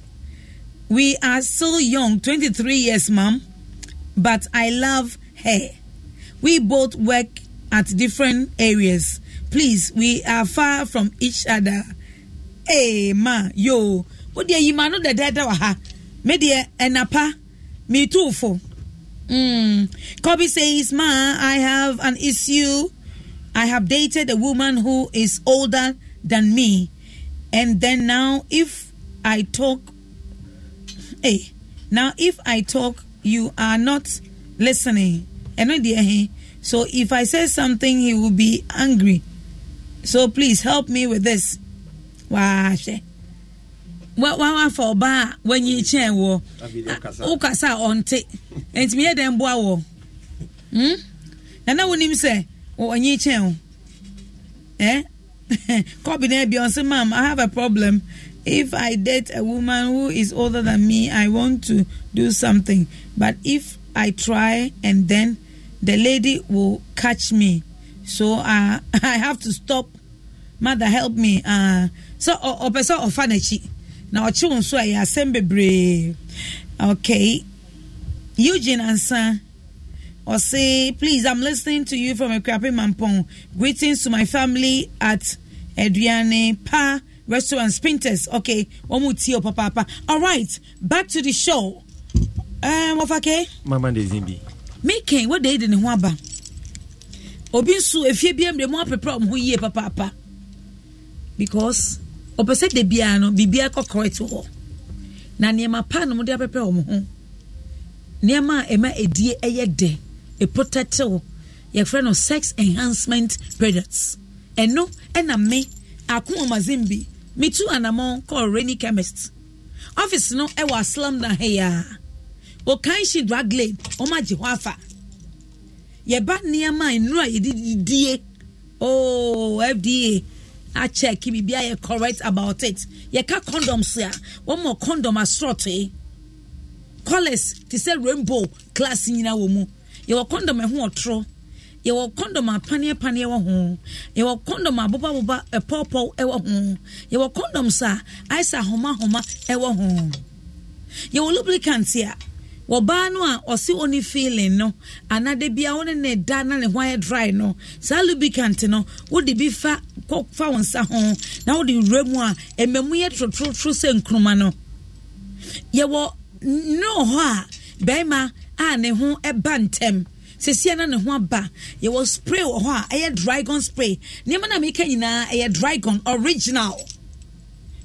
We are so young, 23 years, mom, but I love her. We both work at different areas. Please, we are far from each other. Hey, ma, yo, what do you man the dead ha? Media and apa, me too fo. Mm. Kobe says, Ma, I have an issue. I have dated a woman who is older than me. And then now, if I talk, hey, now if I talk, you are not listening. Eh, eh. So if I say something, he will be angry. So please help me with this. What wow for bar when you chain war? Ukasa on te. It's me then boawo. Hm? And I wouldn't even say, Oh, when you chain. Eh? Beyonce, mom, I have a problem. If I date a woman who is older than me, I want to do something. But if I try and then the lady will catch me, so uh, I have to stop. Mother, help me. Uh, so, ọpẹ person of n'akyi Now, ọkye wọn nso a yɛ Okay, Eugene answer. Or say, please, I'm listening to you from a crappy mampong. Greetings to my family at aduane pa Restaurant, printers okay wɔn ti o oh, papaapa all right back to the show ɛɛ um, mama de zin bi. mike wo de di ne ho aba obi nso efie bi emire mu apepere ɔmo ho yie papaapa because ɔpɛ sɛ de biara no biribiara kɔ correct wɔ na nneɛma pa na mo de apepere ɔmo ho nneɛma a ɛma edie ɛyɛ dɛ epotatew yɛfrɛ no sex enhancement products ɛno ɛna me akoma magazine bi metu anamɔn kɔɔ rainy chemist office no ɛwɔ e aslam na heyaa wɔkan hyi drug lane wɔn agye hɔ afa yɛba nneɛma nnura yɛde die ooo oh, fda akyɛ kibibi ayɛ correct about it yɛka condoms a wɔn mɔ condom asɔrɔte colours ti sɛ rainbow class nyinaa wɔ mu yɛwɔ condom ɛho e ɔtoro yɛwɔ kɔndɔm apaneɛpaneɛ wɔ ho yɛwɔ kɔndɔm abobaboba ɛpɔɔpɔw eh, ɛwɔ ho yɛwɔ kɔndɔm sa ayisa ahomahoma ɛwɔ ho yɛwɔ lubricant a wɔbaa no a ɔsi oni feeling no anade bia wɔne ne da na ne ho ayɛ dry no saa lubricant no wode bi fa kɔ fa wɔn nsa ho na wode wura mu a ɛmɛmu yɛ trotrotro sɛ nkuruma no yɛwɔ nnuro hɔ a bɛrima a ne ho ɛba ntɛm sesia na ne ho aba yɛwɔ spray wɔ hɔ a ɛyɛ dragon spray nneɛma na meka nyinaa ɛyɛ dragon original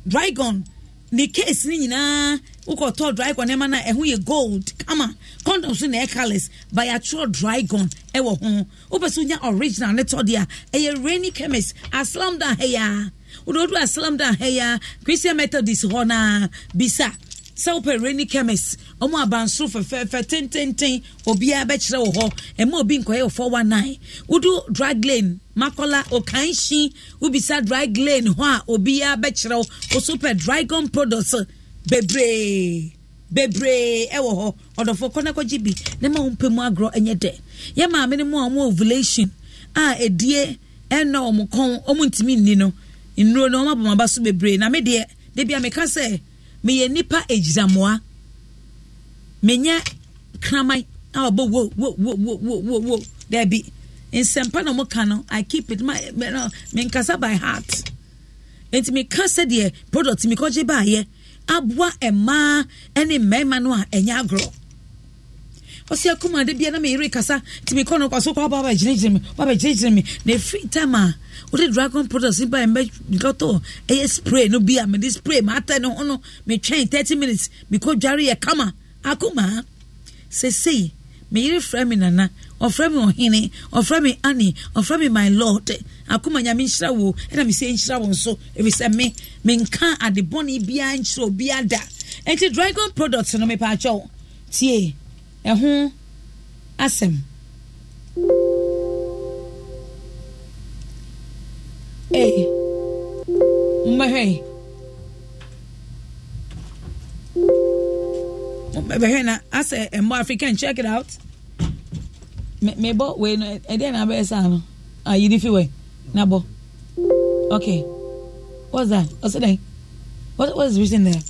dragon ne case ne nyinaa wokɔtɔ dragon nneɛma no a ɛho yɛ gold kama condom so na ɛcolors but yɛatwerɛ dragon ɛwɔ ho wopɛ sɛ wonya original ne tɔ deɛ a ɛyɛ rainy chemist aslam da hɛyɛ a wode wodu aslam da hɛyɛ a christian methodist hɔ no bisa sɛ wopɛ rani chemist ɔmo abansoro fɛfɛɛfɛ tententen obiara bɛkyerɛ wɔ hɔ obi nkɔyɛ wɔ 419 wodo drug lane makɔla ɔkan wobisa lane hɔ a obiara bɛkyerɛ wo wɔso dragon products bebree bebree ɛwɔ hɔ ɔdɔfo bi ne ma wompɛ mu agorɔ ɛnyɛ dɛ yɛ maame meyɛ nipa egyinamoa menyɛ kraman a ɔbɔ wo wo wo wo wo wo wo dɛbi nsɛmpa na ɔmo ka no i keep it my me no menkasa by heart nti meka sɛdeɛ product mi kɔgye baayɛ aboa mmaa ɛne mmarima no a ɛnyɛ agorɔ ɔsi akuma de bia na mi yere kasa ti mi kɔn no kwaso kɔ aba aba gyinagyina mi aba gyinagyina mi na efi time a wode dragon products ba mbɛ dɔtɔ ɛyɛ spray no bi a mi de spray ma ata ne ho no mi twɛn thirty minutes mi kɔ dware yɛ kama akoma sese mi yere fira mi nana ɔfrɛ mi ɔhene ɔfrɛ mi ani ɔfrɛ mi my lord akuma nyame nhyira wo ɛna mi sɛ nhyira wo nso efisɛ mi mi nka adi bɔnne biara nkyerɛ obiara da nti e dragon products no mi pa akyɛw tie. ɛho asɛm ee mbɛhwɛ mbɛhwɛ na asɛ ɛmbɔ african check it out mebɔ wei no ɛdeɛ na abɛyɛ saa no a ah, yiri fi wei na bɔ okay what's that ɔsɛ dɛn what what is written there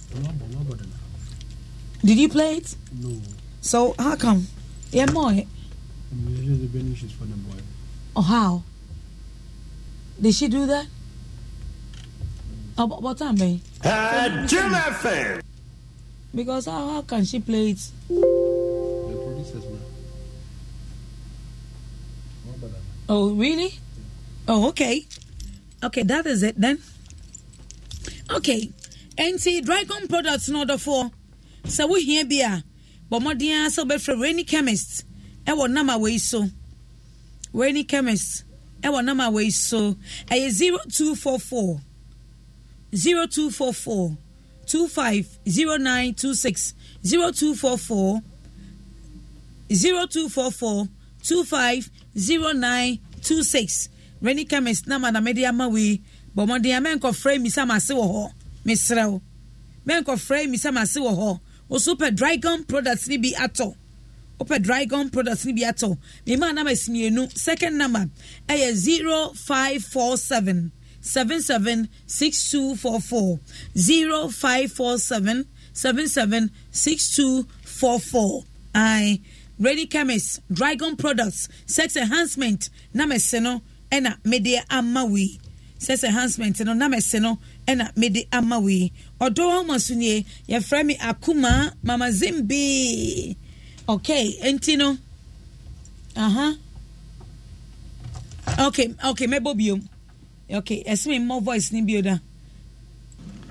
did you play it no. So how come? Yeah, more. Usually the is for the boy. Oh, how? Did she do that? Oh, what time, eh? Jim FM. Because how, how can she play it? The producers man. Oh, really? Oh, okay. Okay, that is it then. Okay. And see, Dragon products in order for. So we here be a. bɔ mmɔden a sɛ wobɛfrɛ rainy chemist ɛwɔ nam a wei so rainy chemist ɛwɔ nam a wei so ɛyɛ 0244 0244 250926 0244 0244 250926 rainy chemist nam a na mede ama wei bɔ mmɔden a mɛnkɔfrɛ mi sɛ mase wɔ hɔ meserɛ wo mɛnkɔfrɛ mi sɛ mase wɔ hɔ wɔso pɛ drygon products ni bi atɔ wopɛ drygon products ni bi atɔ mema nam asi mmienu second number ɛyɛ 0547 776244 0547 ready chemist dragon products sex enhancement nàmà seno. no media mede sex enhancement no na seno. no ɛna mede ama wei ɔdɔ ama so nie yɛfrɛ me akuma mama zimbi okay enti no aha uh-huh. okay okay mɛbɔ biom okay ɛsɛ me mmɔ voice ne bio da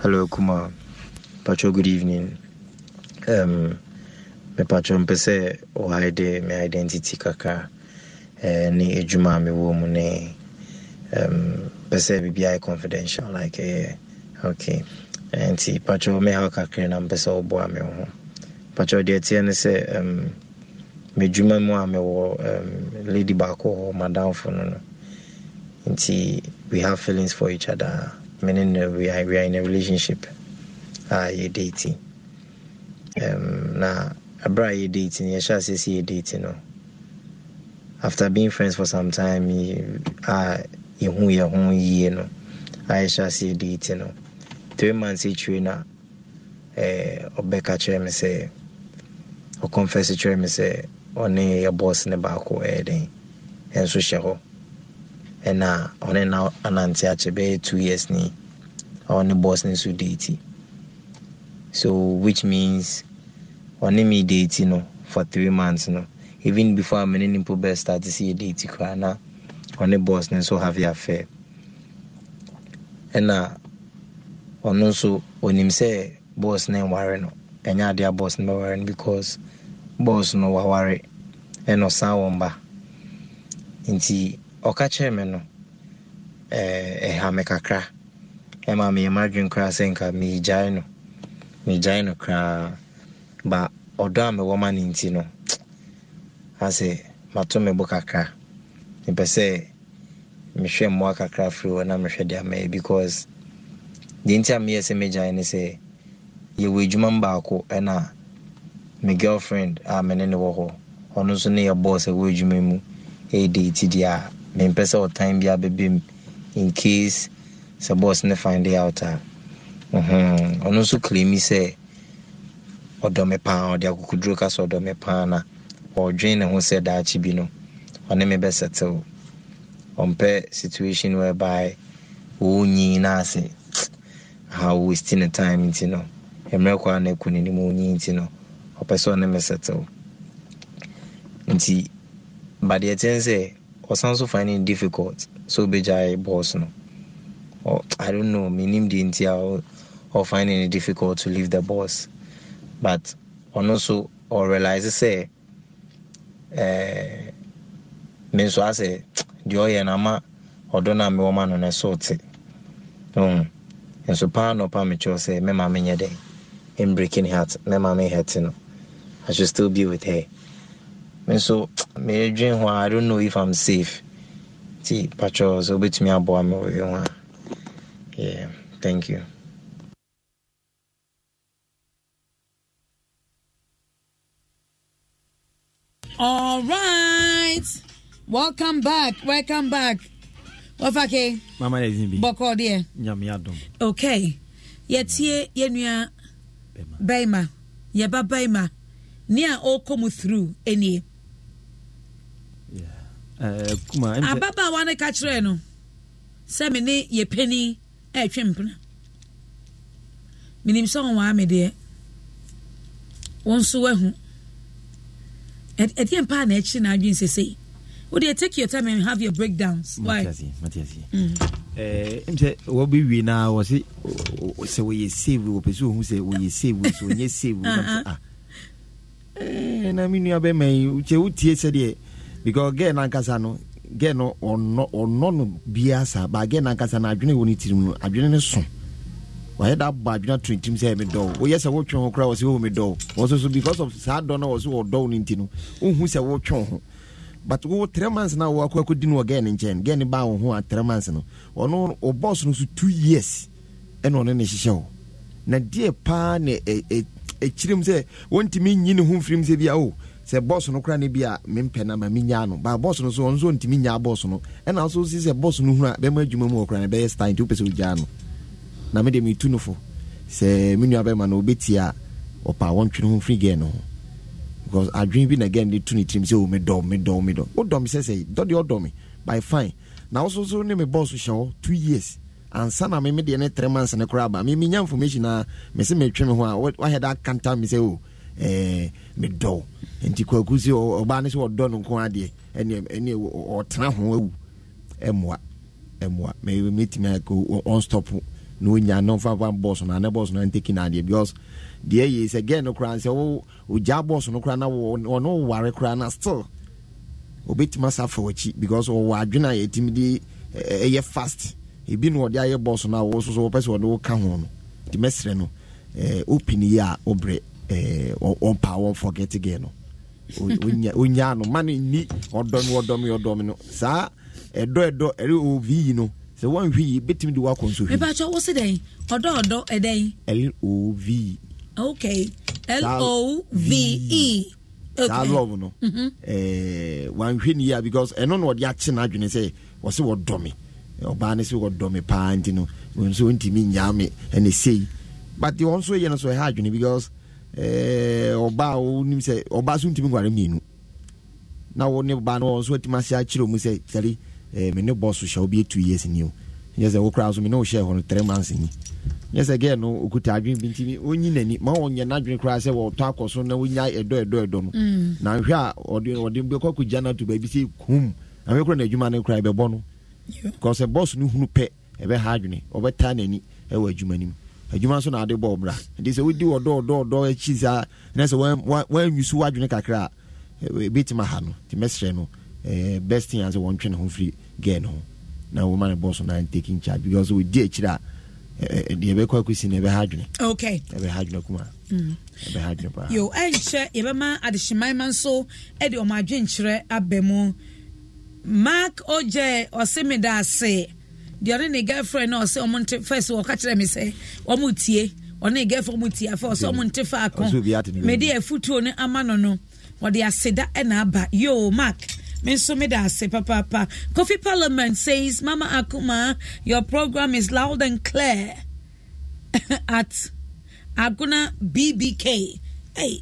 hello kuma patro good evening um, mepatro mpɛ sɛ wɔhaide me identity kakra eh, ne adwuma a mewɔ mu ne um, pɛ sɛ biribiaa confidential like ɛyɛ eh, okay nti patwɛ mehaw kakra na mpɛ sɛ woboa me ho patwɛ deɛ teɛ ne sɛ um, medwuma mu a mewɔ um, lady baako hɔ madamfo no no nti we have feelings for each other mene no we are, we are in a relationship a ah, yɛ dati um, na ɛberɛ a yɛ dati no yɛhyɛ asɛ sɛ yɛ dati no after being friends for some time a yɛhu yɛ ho yie no a yɛhyɛ asɛ yɛ dati no three months akyire na ɔbɛka kyerɛ me sɛ ɔkɔmfɛse kyerɛ me sɛ ɔne yɛ bɔs ne baako ɛyɛ eh, den ɛnso hyɛ hɔ ɛna ɔne na anante akyɛ bɛyɛ two years ni ɔne bɔs ne nso deeti so which means ɔne me deeti no for three months no even before a mene ne mpo bɛ start sɛ yɛ deeti koraa na ɔne boss, ne nso have yɛ affair ɛna ɔno nso ɔnim sɛ bɔs no nware no ɛnyɛ adeɛ a bɔs no bɛware no because bɔs no waware ɛna ɔsan wɔn ba nti ɔka kyerɛ me no ɛha me kakra ɛma meyɛma adwen koraa sɛ nka meegyae no meegyae no koraa ba ɔdɔ a mewɔ ma no nti no asɛ mato me bo kakra mepɛ sɛ mehwɛ mmoa kakra firi hɔ na mehwɛ deɛ amayɛ because deɛ nti a meyɛ sɛ mɛgyae ne sɛ yɛwɔ adwuma m baako ɛna me girlfriend a me ne ne wɔ hɔ ɔno nso ne yɛbɔɔ sɛ wɔ adwuma mu ɛyɛde ti deɛ a mempɛ sɛ ɔtan bi abɛbɛ mu in case sɛ boss ne find out a mhm. ɔno nso klemi sɛ ɔdɔ me paa ɔde akokoduro ka sɛ ɔdɔ me paa na ɔdwen ne ho sɛ daakye bi no ɔne me bɛsɛtew ɔmpɛ situation whereby wɔwɔ nyii no ase ha wasting the time nti no mmerɛ kɔ a na ɛkɔ n'anim onyi nti no ɔpɛ sɛ ɔne me settle nti badeɛ ten sɛ ɔsan so finding it difficult sɛ obɛgyae bɔs no I don't know, minim di nti a or finding it difficult to leave the boss. But ɔno nso ɔrealize sɛ ɛɛ me nso asɛ deɛ ɔyɛ no ama ɔdɔ no a mewɔ ma no no ɛso te. Um, nso paa nɔpa mekyerɛw sɛ mɛma menyɛ dɛn in breaking heart mɛma me hɛte no i should still be with her me nso meɛdwen ho a i don't know if i'm safe nti patrɛ sɛ wobɛtumi aboa me wɔ ho a yeah thank you All right. Welcome back. Welcome back. ɔfake mama na ɛdin bi bɔkɔ deɛ nyame okay yɛtie yɛnua bɛrima yɛba bɛrima ne a ɔrekɔ mu through nie ababaawa no ka kyerɛɛ no sɛ me ne yɛpani ɛretwe mpena menim sɛ wɔwaa me deɛ wo nso woahu ɛdeɛ mpa a na ɛkyere n'adwene sesei wo deɛ take your time and have your breakdowns why Uh, what sɛ wɔbɛwie na wɔ se sɛ wɔyɛ save wɔpɛ sɛ ɔhu sɛ wɔyɛ save sɛ ɔnyɛ save uh-huh. ah. eh, na me nua bɛma yi kyɛ wotie sɛdeɛ because gɛ no ankasa no gɛ no ɔnɔ no biaa saa baa gɛ no ankasa no adwene wɔ ne tirim no adwene no so wayɛ da bɔ adwene ato ntim sɛ medɔ wo woyɛ sɛ wotwe ho koraa on sɛ wɔ medɔ wo wɔ so so because of saa dɔ no wɔ so wɔdɔ wo no nti no wohu sɛ wotwe on but wo three months now wo akɔ akɔdi no wɔ ne nkyɛn gɛn ne baa wo ho a three months no ɔno o bɔs no so two years ɛna ɔno ne hyehyɛ wo na deɛ paa na ɛkyirim sɛ wɔntumi nyi ne ho mfirim sɛ bia o oh, sɛ bɔs no kora ne bi a mempɛ na ma menyaa no baa bɔs no so ɔno so ntumi nyaa bɔs no ɛna so si sɛ bɔs no hunu bɛma adwuma mu wɔ kora bɛyɛ star nti wopɛ sɛ wogyaa no na mede metu no fo sɛ me nua bɛma no wobɛtie wɔntwe no ho mfiri gɛn no ho because adwene bi na again de tu ne tirim sɛ o me dɔm oh, me dɔm me dɔm o dɔm sɛ sɛ dɔde ɔdɔ me by fine na woso so ne me bɔs hyɛ hɔ oh, two years ansa na meme deɛ ne three months ne koraa ba meme nya information a uh, me sɛ metwe me ho a wahɛ da akanta me sɛ o ɛɛ me dɔw nti kwaku sɛ ɔbaa ne sɛ ɔdɔ no nko adeɛ ɛne ɛne ɔtena ho awu ɛmoa ɛmoa me metumi akɔ ɔnstop oh, na onya na ɔfa fa bɔs na ne bɔs na nteki na adeɛ because deɛ yɛ sɛ gɛn no koraa sɛ wo ogya bɔs no na ɔno woware koraa na still obɛtumi asa fa w'akyi because ɔwɔ adwene a yɛtumi de ɛyɛ fast ebi na ɔde ayɛ bɔs no a soso wɔpɛ sɛ ho no nti mɛsrɛ no open ɔmpa gɛ no no nni ɔdɔ no ɔdɔ me ok l-o-v-e hmm. saa love no mm-hmm. eh, wanhwɛ ni yia because ɛno na ɔde akye n'adwene sɛ wɔsɛ wɔdɔ me ɔbaa no sɛ wɔdɔ me paa nti no nso ntumi nyaa me ɛna sei but wɔn nso yɛ no so ɛha adwene because ɔbaa eh, wonim sɛ ɔbaa so ntumi nware mmienu na wo ne ba no wɔn nso atumi ase akyerɛ mu sɛ sɛre eh, me ne bɔ so hyɛ wo bi two years ni o yɛ sɛ wokora so me ne wohyɛ hɔ no tre months ni yɛ sɛ gɛ no ɔkuta adwene bi ntimi ɔnyi n'ani ma wɔnyɛ n'adwene koraa sɛ wɔtɔ akɔ so na wonya ɛdɔ ɛdɔ ɛdɔ no mm. na nhwɛ a ɔde ɔde bɛkɔ kɔgya no ato baabi sɛ kum ame kora n'adwuma no koraa ɛbɛbɔ no kɔsɛ bɔs no hunu pɛ ɛbɛha adwene ɔbɛtaa n'ani ɛwɔ adwuma no mu adwuma nso na ade bɔ ɔbra nti sɛ wodi ɔdɔ ɔdɔ ɔdɔ akyi saa na sɛ wɔanwi w'adwene kakra a ɛbɛtumi aha no nti mɛsrɛ no best thing a sɛ wɔntwe ne ho firi gɛ no ho na woman and boss na taking charge because we di akyire a deɛ ɛbɛkɔ akosi no ɛbɛha adwene ɛbɛha adwene kuma ɛbɛha adwene paa yo ɛnkyɛ eh, yɛbɛma adehyeman ma nso de ɔmo adwenkyerɛ aba mu mark ogye ɔse me da ase deɛ ɔne ne girlfriend na ɔsɛ ɔmo nte first ɔka kyerɛ me sɛ ɔmo tie ɔne girlfriend ɔmo tie afɛ ɔsɛ ɔmo nte faako mede afutuo no ama no no ɔde aseda eh, na aba yo mark Me nso me Coffee Parliament says, Mama Akuma, your program is loud and clear at Aguna BBK. Hey,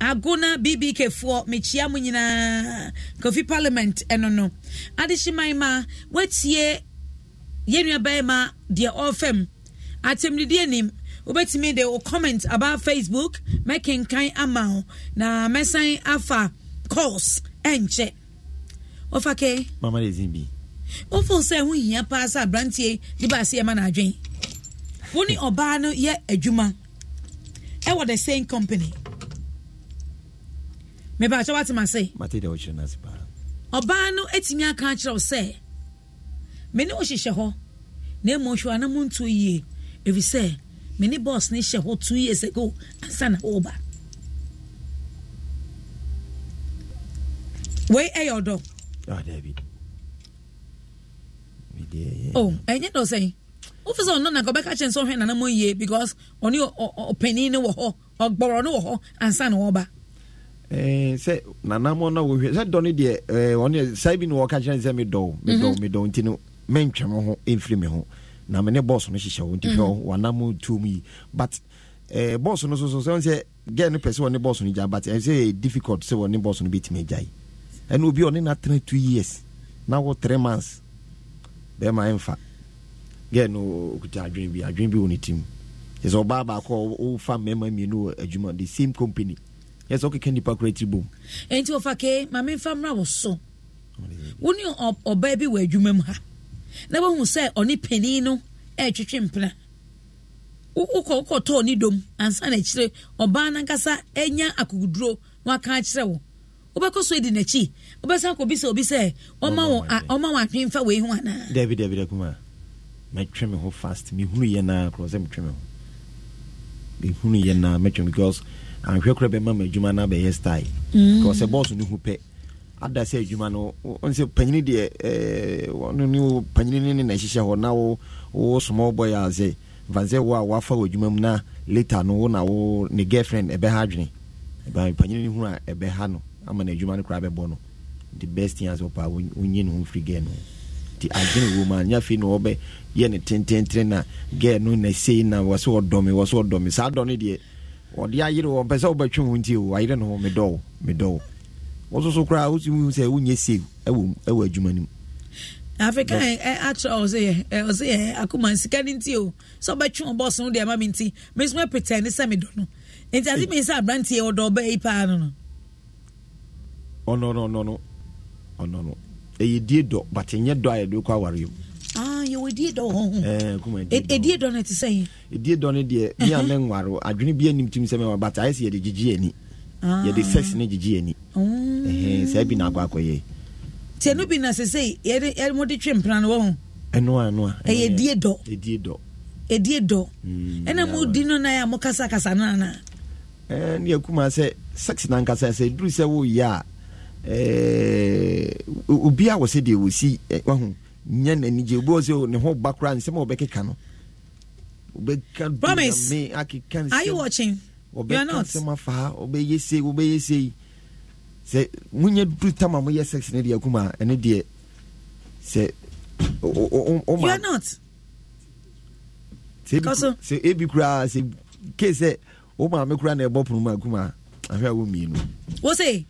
Aguna bbk for mekyia mu Coffee parliament and eh, no what's ye watie yɛnnuabaɛ ma deɛ ɔrefam atɛmdidi anim wobɛtumi de o comment about facebook making ama wo na mɛsan afa course. ɛnkyɛ ɔfa ke mama de zin bi wofo sɛ ho hia paa sɛ aberanteɛ de ba aseɛ e ma no adwen wo ne ɔbaa no yɛ adwuma ɛwɔ the same company mebaakyɛ woatem ase ɔbaa no atumi e aka akyerɛ wo sɛ me ne wo hyehyɛ hɔ na mmom hwɛ ana montuo yie ɛfiri e sɛ me ne bɔs no hyɛ hɔ two years ago ansa na woba wei ɛyɛ eh, ɔdɔ ah, oh, eh, o ɛnyɛ dɔ sɛn wofi sɛ ɔno nanka ɔbɛka kyɛn sɛ ɔhwɛ nana mu yie because ɔne ɔpanin no wɔ hɔ ɔgbɔrɔ no wɔ hɔ ansa eh, na wɔba sɛ nanamɔ na wɔhwɛ sɛ dɔ no deɛ ɔne saa bi na wɔka kyerɛ sɛ medɔ medɔ medɔ mhm. nti no mentwɛ mo ho ɛmfiri me ho na mene bɔs no hyehyɛ wo nti hwɛ mhm. wanam tuo yi but bɔs no so so sɛ sɛ gɛ no pɛ sɛ wɔne bɔs no gya but ɛsɛ difficult sɛ wɔne bɔs no bɛtumi agyae ɛna obi a ɔne n'atena two years na wɔ three months bɛrima ɛnfa gɛɛ no okuta adwene bi adwene bi wɔ ne tim yɛ sɛ ɔbaa baako a ɔfa mmarima mmienu wɔ adwuma the same company yɛ sɛ ɔkeka nipa kora tiri bom. nti ɔfa ke maame nfa mmerɛ wɔ so wone ɔbaa bi wɔ adwuma mu ha na wɔn mu sɛ ɔne panyin no ɛretwitwi eh, mpena wokɔ wokɔ tɔɔ ne dom ansa na eh, akyire ɔbaa nankasa anya eh, akoduro na waka akyerɛ wɔn. wobɛkɔ so di n'akyi wobɛsan kɔ bi sɛ obi sɛ ɔma wei ho anaa mɛtwe ho fast yɛ naa sɛ ho yɛ naa mɛtwe because ahwɛ ma adwuma style mm. sɛ bɔɔso hu pɛ ada sɛ adwuma no ɔn sɛ panyini deɛ ɔno panyini na ɛhyehyɛ hɔ na wo hụ small boy a sɛ wo a wafa wɔ adwuma mu na later no wo na wo ne girlfriend ha adwene panyini hu a ha no ama no adwuma no koraa bɛbɔ no nti best thing asɛ paa wonyi ne ho mfiri gɛ no nti adwene wo ma nya afei na wɔbɛyɛ ne tententen na gɛ no na sei na wɔ sɛ ɔdɔme wɔ sɛ ɔdɔme saa dɔ no deɛ ɔde ayere wɔ mpɛ sɛ wobɛtwe ho nti o ayere no ho medɔwo medɔwo wɔ so so koraa wosɛ sɛ wonyɛ save ɛwɔ adwuma no mu africa akyerɛ ɔsɛ yɛ ɔsɛ yɛ akoma sika ne nti o sɛ ɔbɛtwe wɔ bɔs no deɛ ma me nti mesoma pretend sɛ medɔ no nti ade me sɛ aberanteɛ ɔdɔ ɔbɛ yi paa no no ɔno oh, no ɔno no ɔno no ɛyɛ oh, eh, die dɔ but ɛnyɛ dɔ a yɛde kɔ awareɛ mu yɛwɔ ah, die dɔ wɔ ho ɛdie dɔ no te sɛ ɛdie dɔ no deɛ me a uh-huh. menware adwene bi anim tim sɛ mewa but ayɛ sɛ yɛde gyegye ani yɛde sex ah. bi na akɔ akɔyɛ nti bi na sɛ sɛ mode twe mpena e e e mm, no wɔ ho ɛno a ɛno a ɛyɛ die dɔ ɛdie dɔ ɛdie dɔ na a mokasakasa no anaa eh, ne akuma sɛ sex nankasa sɛ ɛduru sɛ woyɛ a obi a wɔ sɛ deɛ wɔsi wahu nyɛ n'anigye obi wɔ ne ho ba koraa nsɛm a wɔbɛkeka no wɔbɛka duame akeka nsɛm wɔbɛka nsɛm afa wɔbɛyɛ sei wɔbɛyɛ sei sɛ monyɛ duru tam a moyɛ sex no deɛ akuma ɛno deɛ sɛ ɔma sɛ ebi koraa sɛ ke sɛ wo maame koraa na ɛbɔ pono mu akuma ahwɛ a wɔ mmienu wɔ sei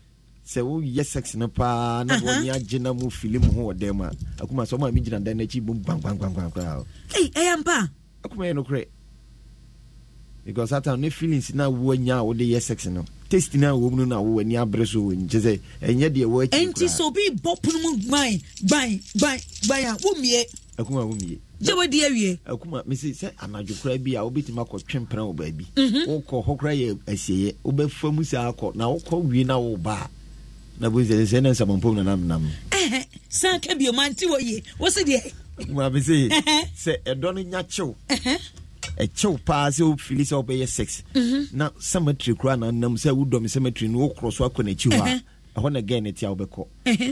sɛ woyɛ sex no paa na wɔne agyena mu fili mu ho wɔ dɛm a akoma sɛ ɔma megyina dan no akyi bom gbangbangbangbang koraa ɛyɛ mpa akoma yɛ nokorɛ because that ne feelings na wo anya a wode yɛ sex no taste na wo mu na wo ani abere so wo nkyɛ sɛ ɛnyɛ deɛ wo akyi nti sɛ obi bɔ pono mu gban gban gban gban a wo akuma wo mie gye wo di awie akuma mesi sɛ anadwo kora bi a wobɛtumi akɔ twe mpena wɔ baabi mhm. wokɔ hɔ kora yɛ asieyɛ wobɛfa mu saa akɔ na wokɔ wie na wo ba a na bo nam ka bio mante ye wo se se sɛ ɛdɔ no nya kyew ɛkyew paa sɛ wofili sɛ wobɛyɛ sex na cemetery koraa na nam sɛ wodɔm cemetery no wokorɔ so akɔ n'akyi hɔ a ɛhɔ tia wobɛkɔ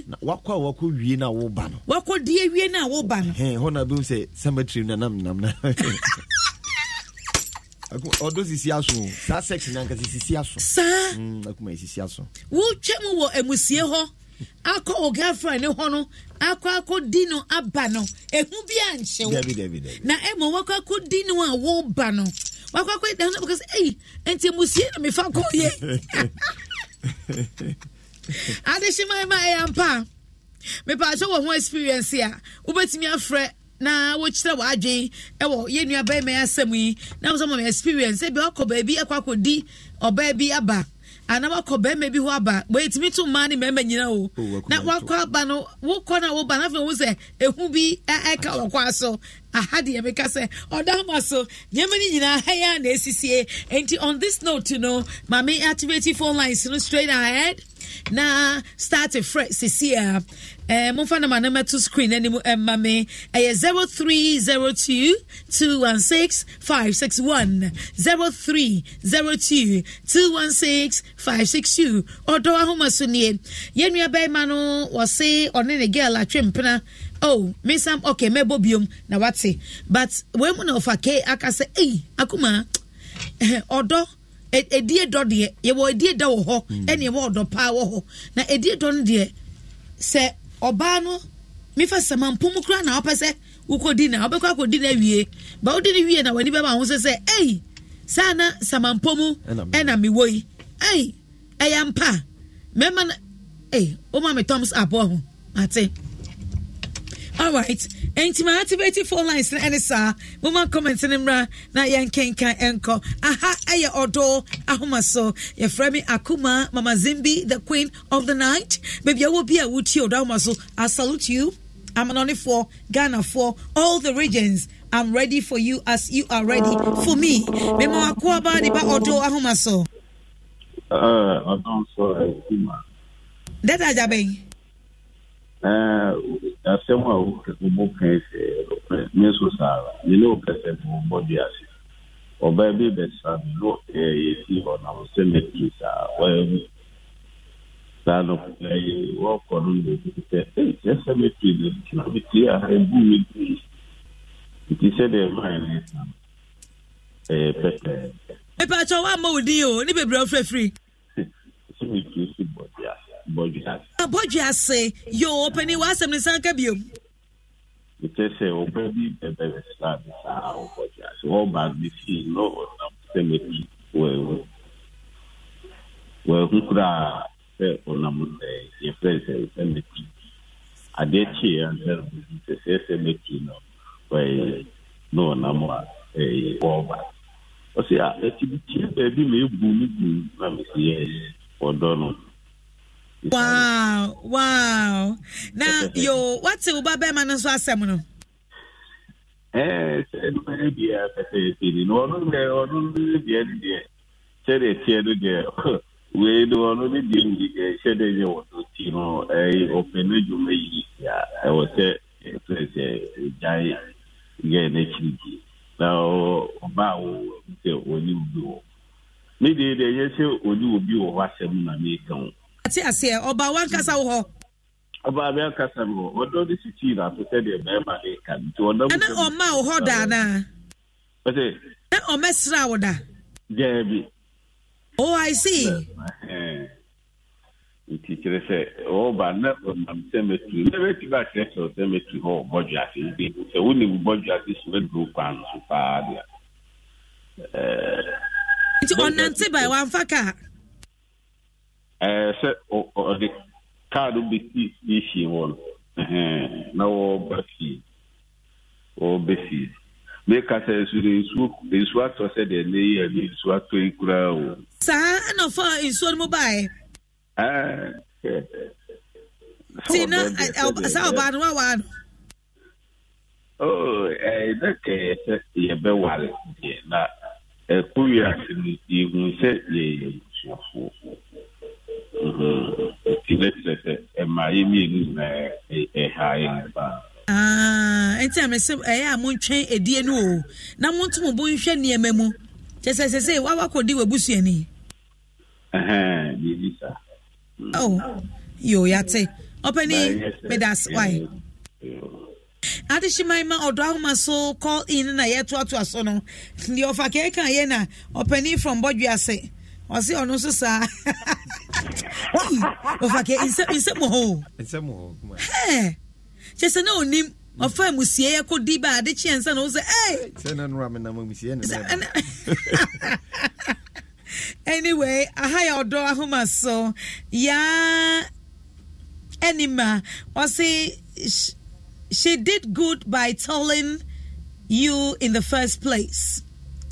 na wakɔ a wie woba no wakɔ die wie no cemetery nanam nam na ɔdɔ sisi aso saa section na nka mm, sisi aso. saa akuma sisi aso. wotwa mu wɔ emusie hɔ akɔ wɔ girlfriend ne hɔ no akɔ akɔ di no aba no ehu bi a nhyɛw. dabi dabi dabi. na emu wakɔ akɔ di no a wɔba no wakɔ akɔ dan no because eyi nti emusie na mefa kɔ yie. adehyemma ɛma ɛyɛ mpa mepa akyɛ wɔ ho experience a wobɛtumi afrɛ. na wɔkyerɛ w'adwen ɛwɔ yɛ nua bɛrima yɛ asɛm yi na mo sɛ mo experience ebi ɔkɔ baabi ɛkɔ akɔdi ɔbaa bi aba ana wakɔ bɛrima bi hɔ aba wɔyɛtumi to mmaa ne mmarima nyina o oh, na wakɔ aba no wokɔ na woba na afei wo sɛ ehu bi ɛka wɔkɔ aso aha deɛ meka sɛ ɔda ma so nneɛma no nyinaa hɛyɛ a na ɛsisie enti on this note no maame activity phone lines no straight ahead na start afresh sisi a Eh, momfa nama no mɛto screen eh, no eh, eh, zero three zero two two one six five six 562 ɔdɔ ahoma so nie yɛnnua bɛrima no wɔse ɔne ne girl atwe mpena oh mesam okay mɛbɔ biom na wate but wei mu na ɔfa ke aka sɛ ei akoma ɔdɔ ɛdie e, dɔ deɛ yɛwɔ ɛdie da wɔ hɔ ɛne mm. ɛwɔ ɔdɔ paa wɔ hɔ na ɛdie dɔ no deɛ se ɔbaa no mefa samampom kora na wopɛ sɛ wokɔdi na wobɛkɔ akɔdi no awie ba wodi no wie na w'ani bɛma ho sɛ sɛ ei saa na samampom ɛna mewɔ yi ei ɛyɛ mpa mɛma no ei woma me toms aboa ho ate all right ɛnti ma activate phone lines no ɛne saa moma comment no mmra na yɛnkenkan ɛnkɔ aha ɛyɛ ɔdɔ ahoma so yɛfrɛ me akuma mama zimbi the queen of the night baabi a wɔ bi a wotie ɔdɔ ahoma so i salute you amanɔnefoɔ ghanafoɔ all the regions I'm ready for you as you are ready for me. Mema wakua ba ni ba odo ahoma so. Eh, odo so. Dada jabe. na asɛm a wobɔ ka sɛ me nso saa ara mene wopɛ sɛ mewobɔ de ase ɔbaa bi bɛsa me na yɛsi hɔ na sɛ mɛtiri saa wahu saa no wɔkɔ no na ɛbi sɛ yɛsɛ mɛtiri de na metie a ɛbu me dii nti sɛdeɛ mae no ɛsa no ɛyɛ pɛpɛɛ mepakyɛ woamma wo din o ne bebrɛ wo frɛfiri sɛ metiri si bɔde ase abɔdwe ase yo ɔpani w'asɛm ne sanka biom mete sɛ ɔba bi bɛbɛbɛ saa de saa ɔbɔdwe ase wɔba bi fie na ɔnam sɛ mɛti wɔahu wɔahu koraa sɛ ɔnam sɛ yɛfrɛ sɛ sɛ mɛti adeɛ kyeeɛ ansɛ no sɛ sɛ sɛ mɛti no wɔyɛ na ɔnam a ɛyɛ wɔba ɔsɛ a bi tie baabi ma ɛbu ne bu na mesɛ yɛ ɔdɔ no wow wow eh, na yo wate wo ba bɛrima no nso asɛm no sɛnumɛrɛ bia pɛsɛ ɛsɛni na ɔno deɛ ɔno ne deɛ no deɛ sɛdeɛ teɛ no deɛ wei no ɔno ne deɛ nyi eh, deɛ hyɛ dɛ yɛ wɔ so ti no ɛyɛ ɔpɛ no adwuma yi a ɛwɔ sɛ ɛfɛ eh, sɛ gyae yɛ n'akyiri di na ɔba a wɔwɔ sɛ ɔne obi wɔ de deɛ deɛ yɛ sɛ ɔne obi wɔ hɔ asɛm na meka ho ate aseɛ ɔbaa wankasa wo hɔ ɔbaa bi ankasa mi wɔ ɔdɔ de sisi na to sɛ deɛ de ka nti ɔdɔ mu. ɛna ɔma wo hɔ daa na. pɛsɛ. na ɔma sira wo da. jɛɛbi. oh i see. Eh. nti kyerɛ sɛ ɔba na ɔnam sɛ mɛtu na bɛ sɛ ɔsɛ hɔ bi sɛ so kwan so paa deɛ. Eh. nti ɔnante ba kaa. ɛɛ sɛ ɔde kaado besi yɛhyie hɔ no na wɔba fie wɔba fie meka sɛ nsu de nsuo nsuo atɔ sɛ deɛ ne yi ani nsuo atɔ yi koraa o. saa ɛna fa nsuo no mu baeɛ. ɛɛ ti na saa ɔbaa no wawa no. oo ɛɛ na kɛyɛ sɛ yɛbɛware deɛ na ɛkuyɛ ase no yɛhu sɛ yɛyɛ abusuafoɔ. kyerɛ ah, sɛ ɛma yɛ mmienu nyinaa ɛha yɛ paa ɛnti a mesɛ ɛyɛ eh, a montwɛn ɛdie no o na monto mo bo nhwɛ nneɛma mu kyɛ sɛ sɛ w'abusuani o oh, yo yɛate ɔpɛni medas wae adehyeman ɔdɔ ahoma so call in na yɛtoatoa so no deɛ ɔfa kɛɛka yɛ na ɔpɛni from bɔdwe ɔse ɔno nso saa ɔfakɛ nsɛm hɔ kyɛ sɛ na ɔnim ɔfa musie yɛkɔ di ba ade kyeɛ nsa na wo sɛ anyway ahayɛ ɔdɔ ahoma so yaa anima ɔse she did good by telling you in the first place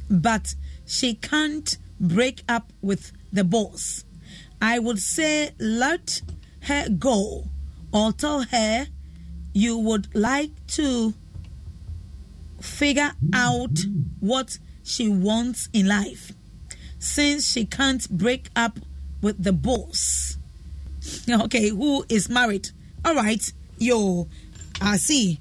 but she can't break up with the boss. I would say let her go or tell her you would like to figure out what she wants in life since she can't break up with the boss. Okay, who is married? All right, yo, I see.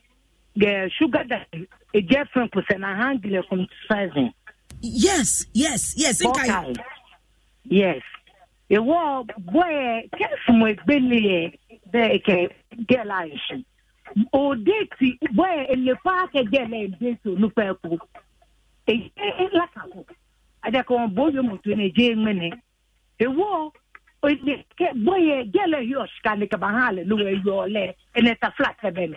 the sugar that a girlfriend person a handle from sizing. Yes, yes, yes. Nkai. Yes. Ewo boy kefu mo egbele de ke girl aishi. O date boy enye pa ke girl en date no pa ko. E la ka ko. Ada ko bo Ewo o ke boy hi o ska ne ka bahale no e yo le ene ta flat bele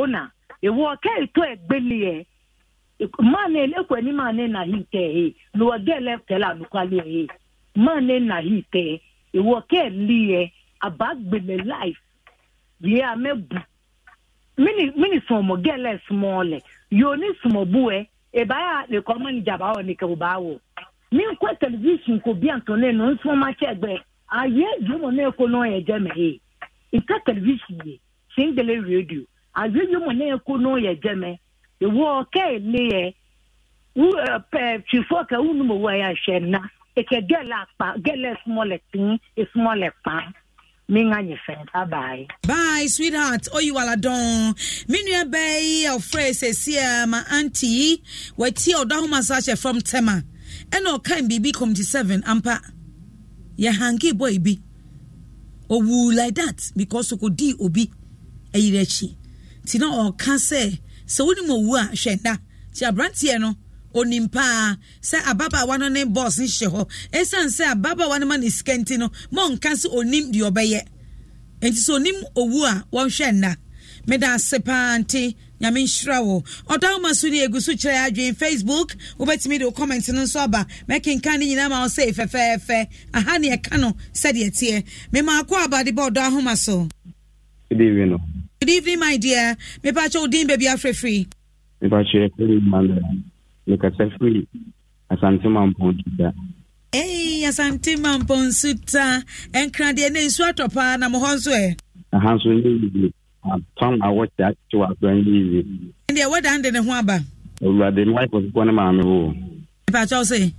ona ewo ke ito egbele ye mane lekwe ni mane na hite he no wage lefte la nukwali he mane na hite ewo ke liye abagbele life ye amebu mini mini somo gele smole yoni somo buwe ebaya le komani jabawo ni ke ubawo mi nkɔ television ko bi antoni no nso ma kyɛ gbɛ ayé dùnmọ̀ náà kó náà yẹ jẹ́ mẹ́ yìí nka television yìí singele radio adwene ne eku no yɛ gyɛmɛ ewu ɔkɛ ne wu ɛɛ eh, tifo kɛ wunu mu wɔ yɛ ahyɛ na eke gɛlɛ akpa gɛlɛ small tin e small pan. Bye, sweetheart. Oh, you are don. Minua bay eh, of phrase is here, eh, my auntie. Wait here, down massage from Tema. And all can be become to seven, ampa. Ye hanky boy be. Oh, like that because you could D. Obi. Eyirechi nti na ɔka sɛ sɛ wonim owu a hwɛ da nti aberanteɛ no onim paa sɛ ababaawa no ne bɔs no hyɛ hɔ ɛsiane sɛ ababaawa no ma ne sika no ma ɔnka sɛ onim deɛ ɔbɛyɛ nti sɛ onim owu a wɔnhwɛ nna meda ase paa nti nyame nhyira wo ɔdɔ woma so ne ɛgu so kyerɛ adwen facebook wobɛtumi de wo comment no nso aba mɛkenka ne nyinaa ma wo sɛ fɛfɛɛfɛ aha ne ɛka no sɛdeɛ teɛ memaakɔ abade bɛ ɔdɔ ahoma so Good evening, my dear. Mepacho Odin baby afre free. Mepacho free man. Mekasa free. Asante mampo da. Hey, asante mampo nsuta. Enkra de ne nsu atopa na mo honso e. Aha so ni Tom I watch that to a brand easy. Ndi e wada ne ho aba. Awurade my wife was kone maame ho. Mepacho say.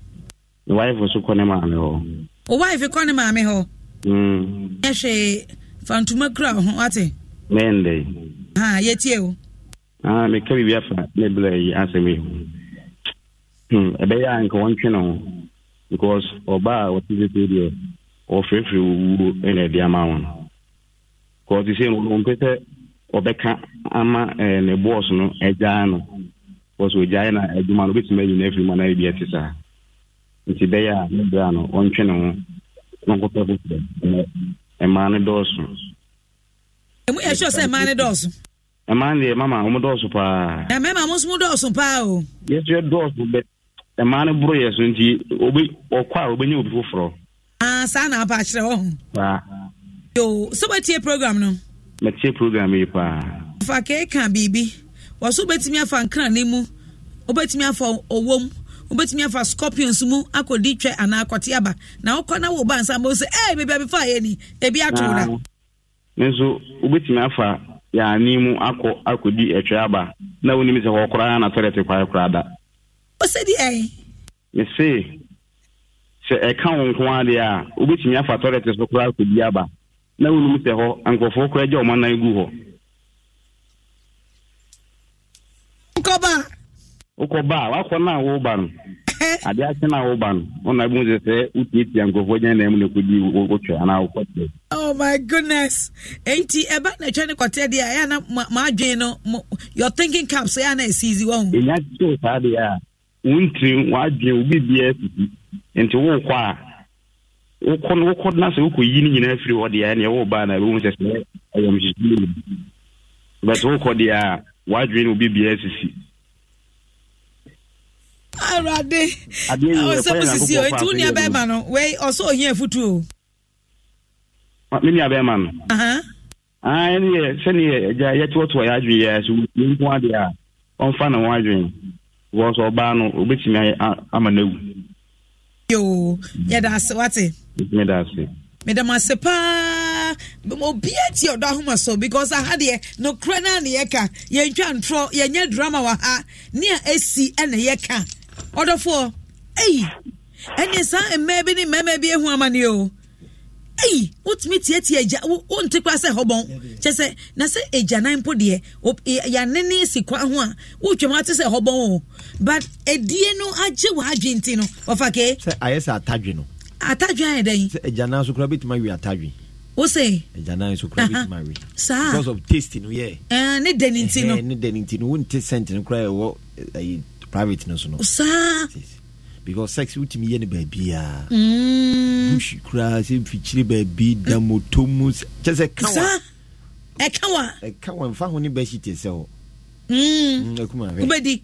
My wife was kone maame ho. O wife kone maame ho. Mm. Ehwe fantuma kura ho ate. mende ha yɛtie o ah meka biribi afa ne bla yi asɛm yi hmm ɛbɛyɛ a nka wɔntwe ne ho because a wɔte sɛ deɛ ɔfrɛfrɛ wɔwuo ɛna ɛde nke wo no because sɛ eh, no ɔmpɛ sɛ ama ne no no na no bi nti bra no ma ɛsɛ sɛ mmaa ne dɔɔso ɛmaa deɛ mama dɔɔso paa na eh, mmarima mo nso dɔɔso paa o yɛso yɛ dɔɔso bɛ ɛmaa no boro yɛ so nti ɔkɔ a obɛnya obi foforɔ ah, saa na apa akyerɛ wɔ yo sɛ program no tie program yi paa keeka biribi mu afa mu afa scorpions mu twɛ anaa akɔte aba na na nsa mbɔ sɛ ee nso wobɛtumi afa yɛane mu akɔ akɔdi atwa aba na wonim sɛ hɔ koraa na tɔrɛt kwae koraa da mese sɛ ɛka wo nko a deɛ a wobɛtumi afa tɔrɛt so koraa akɔdi aba na wonim sɛ hɔ nkurɔfoɔ koraa gya ɔmanan gu hɔ nkɔba a wakɔ na woba no adeɛ akye na woba no wona bu sɛ wotiatia nkurɔfoɔ gyina na mu na ɛkɔdi wotwɛ anaa wokɔtɛ oh my goodness enti ɛba na atwa ne kɔtɛ deɛ ayana na no your thinking cap so ɛyɛ na ɛsiisi wɔ ho ɛnya kyew saa deɛ a wontirim waadwen wo biribiaa sisi nti wokɔ a wokɔ no wokɔ na sɛ na but awurade ɔsɛ ah, mo sisi o etu nua bɛɛ no wei ɔsɛ ohia efutu o. mi nua bɛɛ no. ɛni yɛ sɛni yɛ ɛgya yɛ yɛ adwene yɛ ɛsɛ wɔn mu adi a ɔnfa na wɔn adwene ɔbaa no obetumi ama yoo yɛda ase wate. ase. paa ti ɔdɔ ahoma so because aha deɛ yɛka yɛntwa ntorɔ yɛnyɛ drama wɔ ha ɛna yɛka. ɔdɔfoɔ eyi ɛne saa mmaa bi ni mmarima bi ehu amani o eyi wotumi tietie agya wonte kora sɛ hɔbɔn kyɛ sɛ na sɛ agyanan po deɛ e, yane ne sikwa ho a wotwam ate sɛ hɔbɔn o but edie no agye w'adwe nti no ɔfa kee. sɛ ayɛ sɛ atadwe no. atadwe ayɛ dɛ. sɛ agyanan so kora bi tuma wi atadwe. wose. agyanan so kora bi tuma wi. saa because of taste no yɛ. ɛɛ ne dɛ ne ti no. ne dɛ ne ti no wonte scent no kora yɛ wɔ ɛyi private no so no saa because sex wotumi yɛ no baabiaa mm. bush koraa sɛ mfikyiri baabi da moto mu kyɛ sɛ kawa ɛkawa ɛkawa mfa ho ne bɛhyite sɛ hɔ mm. mm, wobɛdi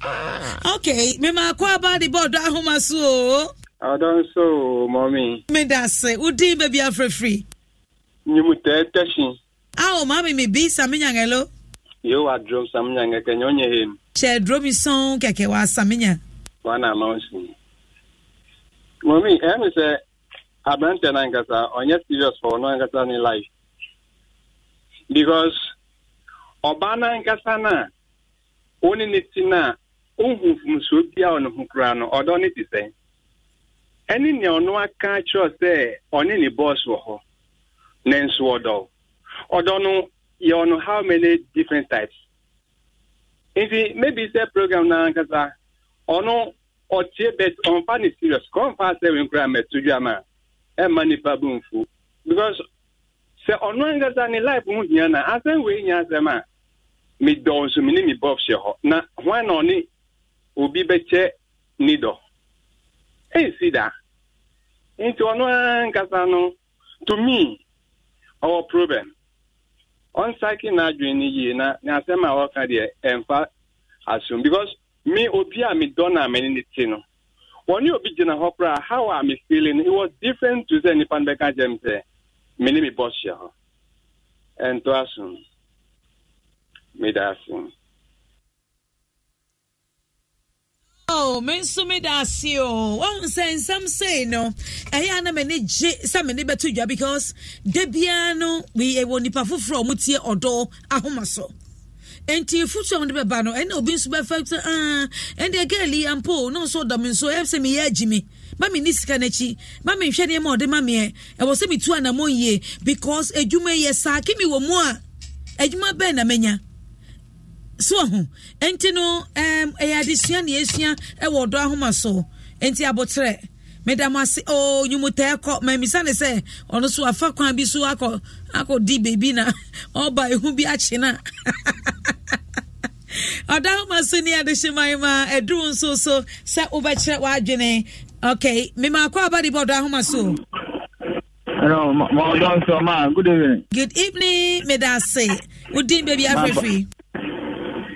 ah. okay memaakɔ aba de bɔɔdɔ ahoma so o ɔdɔ nso mɔmi meda se wodin baabi afrɛfiri nyimu tɛɛtɛhye ao maame mebi samenyangɛlo yo wadrom samenyangɛ kɛnyɛ ɔnyɛ hem hyɛ duro bi sɔn kɛkɛ wa samenya. wọn na ma n sin mɔmi ɛn mi sɛ abirante na nkasa ɔnyɛ serious for ɔno nkasa ni life because ɔbaa na nkasa na wɔne ne ti na ohun nsuo bi a ɔno ho kura no ɔdɔ ne ti sɛ ɛne nea ɔno aka kyerɛ sɛ ɔne ne bɔs wɔ hɔ nanso ɔdɔ ɔdɔ no yɛ ɔno how many different types nti maybe sɛ program no ankasa ɔno ɔtie bet ɔmfa ne serious kɔmfa asɛwe nkora mɛto dwama a e ɛmma nnipa bomfu because sɛ ɔno ankasa ne life ho hia na asɛm wei nya asɛm a medɔɔ nso me ne me bɔf hyɛ hɔ na hwan ni ɔne obi bɛkyɛ ne dɔ ɛnsi da nti ɔno ankasa no to me ɔwɔ problem ɔnsaki n'adwene ne yie na ne asɛm a ɔka deɛ ɛmfa asum because me obi a me dɔ na mɛne ne ti no wɔne obi gyina hɔ koraa how am i feeling it was different to sɛ nipa no bɛka kyɛm sɛ eh, me ne me bɔ hyia hɔ ɛnto asum meda asum o me me da ase o wɔn sɛ nsɛm sei no ɛyɛ ana mɛ ne gye sɛ mɛ bɛto dwa because da biara no we ɛwɔ eh, nipa foforɔ a wɔn tie ɔdɔ ahoma so nti futu a wɔn de bɛba no ɛna obi nso bɛfɛ sɛ ɛn ah, ɛnna gɛɛli ampo na nso ɔdɔ mi nso ɛsɛ mi yɛ agyi mami ni sika n'akyi mami nhwɛ nneɛma ɔde mamiɛ ɛwɔ sɛ mi tu anamɔ yie because adwuma yɛ saa kimi wɔ mu a adwuma bɛɛ na mɛnya. so ho nti no ɛyɛ adesua na ɛsua wɔ ɔdɔ ahoma so nti meda mo o nwumutae kɔ mamisa ne sɛ ɔno so afa kwan bi so akɔ di na ɔba ehu bi akye na ɔdɔ ahoma so ne adehyeman ma aduru nso so sɛ wobɛkyerɛ w'adwene okay aba de bɔ ɔdɔ ahoma so Hello, my, my, good evening. Good evening, Medase. Good evening, baby.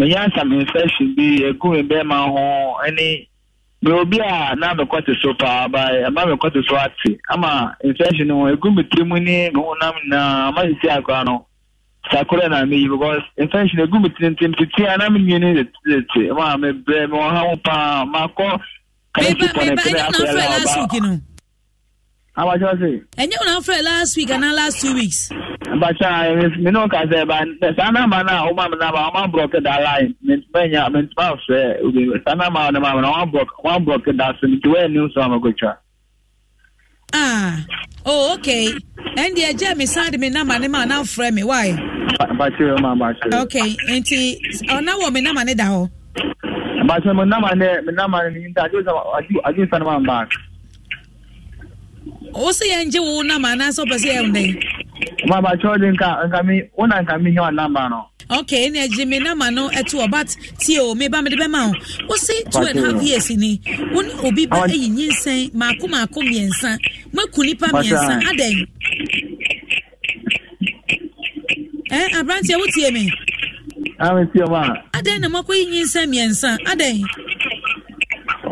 menya asam infection bi egu mi bɛrima ho ɛne mɛ obi a na mekɔte so paa ba ɛma mekɔte so ate ama infection no egu mi tirim ne me honam nyinaa ama sisi akora no sakora na meyi because infection egu mi tirintim titi a na me nwi ne tete ma me brɛ me wɔ ha ho paa ma kɔ kala supɔ ne kele akɔyɛ la abacha se. ẹ̀yin wọn afẹ́ last week and last two weeks. abacha mi n'o ka sẹ ba san na ma na o ma mi na ma o ma bulọki da line mi n bẹ nya mi n b'a fẹ san na ma na ma na o ma bulọki o ma bulọki da so nti wẹ́ẹ̀ ni n sọ ma ko tia. ah oh okay ẹndi ẹ jẹ mi sáàdì mi nàmà ni mà náà fẹ mi wáyé. abacha yẹ ma abacha yẹ. okay nti ọ̀nà wọ̀ mi nàmà ni da hɔ. abacha mi nàmà ni mi nàmà ni n ta adi san ma n ba. wo sɛ yɛngye wo nama anaasɛ wopɛ sɛ yɛwo dɛn de nka nka wona nka nyɛ wa nama no okay ɛna agye me nama no ɛto e hɔ but tie o meba mede bɛma wo wo se two and half years ni wo ne obi ba ayi e nyinsɛn maako maako mmiɛnsa moaku nnipa mmiɛnsa adɛn aberanteɛ eh, wotie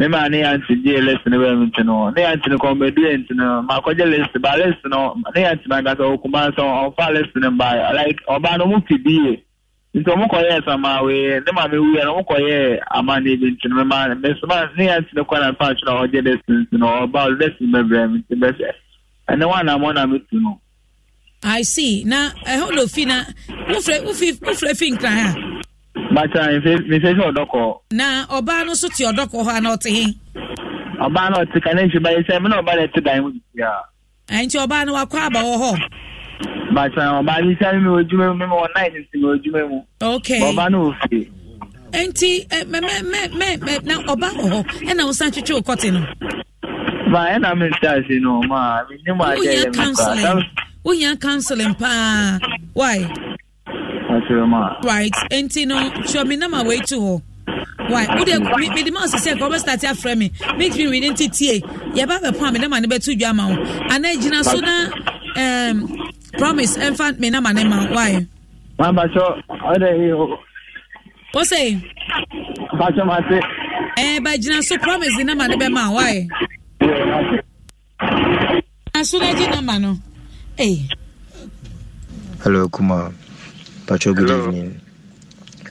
ne maa ne yanti gye lesi ne bɛyɛ mi ti ne yanti no kɔn bɛdu yanti no maa kɔ gye ba lesi no ne yanti no ankasa okuma so ɔfa lesi no ba like ɔbaa no mo fi bi yie nti ɔmo kɔ yɛ sama wee ne maame wu yɛ no ɔmo kɔ yɛ bi nti no maa ne soma ne yanti no kɔ e. na fa atwere a ɔgye lesi nti no ɔbaa lesi bɛbrɛ mi ti bɛsɛ ɛne e wa na mo na mi tu no. i see na ɛhɔ e na ofi na wofrɛ wofi wofrɛ fi nkran bàtà mfe sẹ ọdọkọ. na ọbaa nso ọdọkọ hɔ na ɔte ọbaa náà ɔte kane nhyɛ báyìí sɛ na ọba náà te dan mu ya. a. ɛnti ɔbaa no wakɔ aba wɔ hɔ. bàtà ọbaa yi sẹ mi wɔ adwuma mu mi wɔ nine nsi mi mu. ok ɔbaa náà wɔ na ɔbaa wɔ ma mi right nti no sọ mi nama wei to hɔ why wode mi me di ma ɔsi sɛ nka ɔbɛ start afrɛ mi make me read nti tie yaba bɛ pɔn a mi nama ne bɛ tu dwa ma wo ana gyina so na um, promise ɛnfa me nama ne ma why. maa ba sọ ọdẹ yìí o. o se. baasi ma se. ɛɛ ba gyina so promise di nama ne bɛ ma why. gyina so na gyi nama no. Hey. hello kuma. Pacho, good Hello. evening.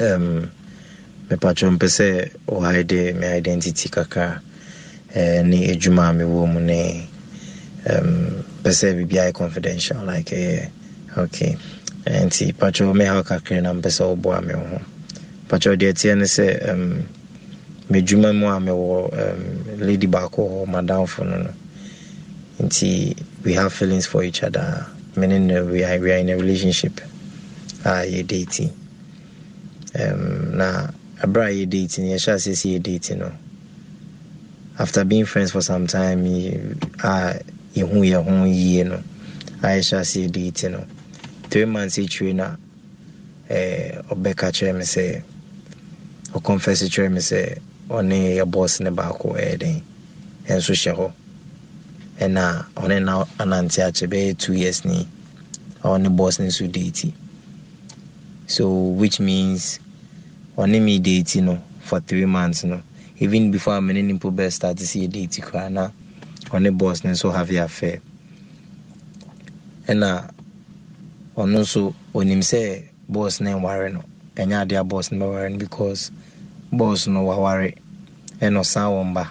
Um, me Pacho, mpɛ sɛ ɔhaide me identity kakra eh, ne adwuma a mewɔ mu ne um, pɛ sɛ biribiayɛ confidential like ɛyɛ eh, okay nti Pacho, mehaw kakra na mpɛ sɛ woboa me ho Pacho, deɛ teɛ ne sɛ um, medwuma mu a mewɔ um, lady baako hɔ madamfo no no nti we have feelings for each other meaning we, we are in a relationship a yɛde ti na ɛberɛ a yɛde ti no yɛhyɛ aseɛ sɛ yɛde ti no after being friends for some time a yɛhu yɛ ho yie no a yɛhyɛ aseɛ yɛde ti no three months akyire no ɔbɛka kyerɛ me sɛ ɔkɔmfɛse kyerɛ me sɛ ɔne yɛ bɔs ne baako ɛyɛ den ɛnso hyɛ hɔ ɛna ɔne na anante akyɛ bɛyɛ two years ni ɔne bɔs ne nso deeti. so which means on immediate, you know, for three months you know. even before I'm ne mpo bɛ start a date koraa on the boss ne nso have affair ɛna ɔno nso onim sɛ boss ne nware no ɛnyɛ adeɛ boss no bɛware because boss no waware ɛna ɔsan wɔ mba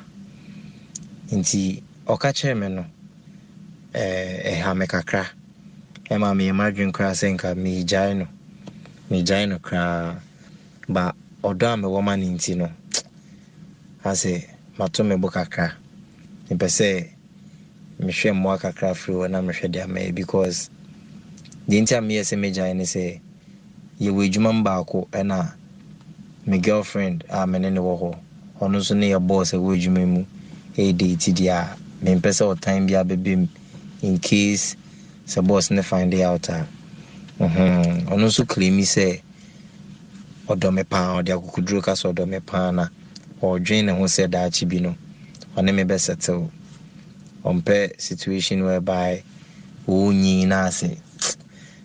nti ɔka kyerɛ me no ɛha eh, eh me kakra ɛma eh, meyɛ madwen koraa sɛ nka meegyae no megyae no koraa ba ɔdɔ a mewɔ ma no nti no asɛ mato me bo kakra mepɛ sɛ mehwɛ mmoa kakra firi hɔ na mehwɛ de amayɛ because deɛ nti a meyɛ sɛ megyae ne sɛ yɛwɔ adwuma m baako ɛna me girlfriend a me ne ne wɔ hɔ ɔno nso ne yɛbɔɔ sɛ wɔ adwuma mu ɛyɛde ti deɛ a mempɛ sɛ ɔtan bi abɛbɛ in case sɛ bɔs ne find out a ɔno mm-hmm. nso klemi sɛ ɔdɔ paa ɔde akokoduro ka sɛ ɔdɔ paa na ɔdwen ne ho sɛ daakye bi no ɔne me bɛsɛtew ɔmpɛ situation whereby ɔwɔ no ase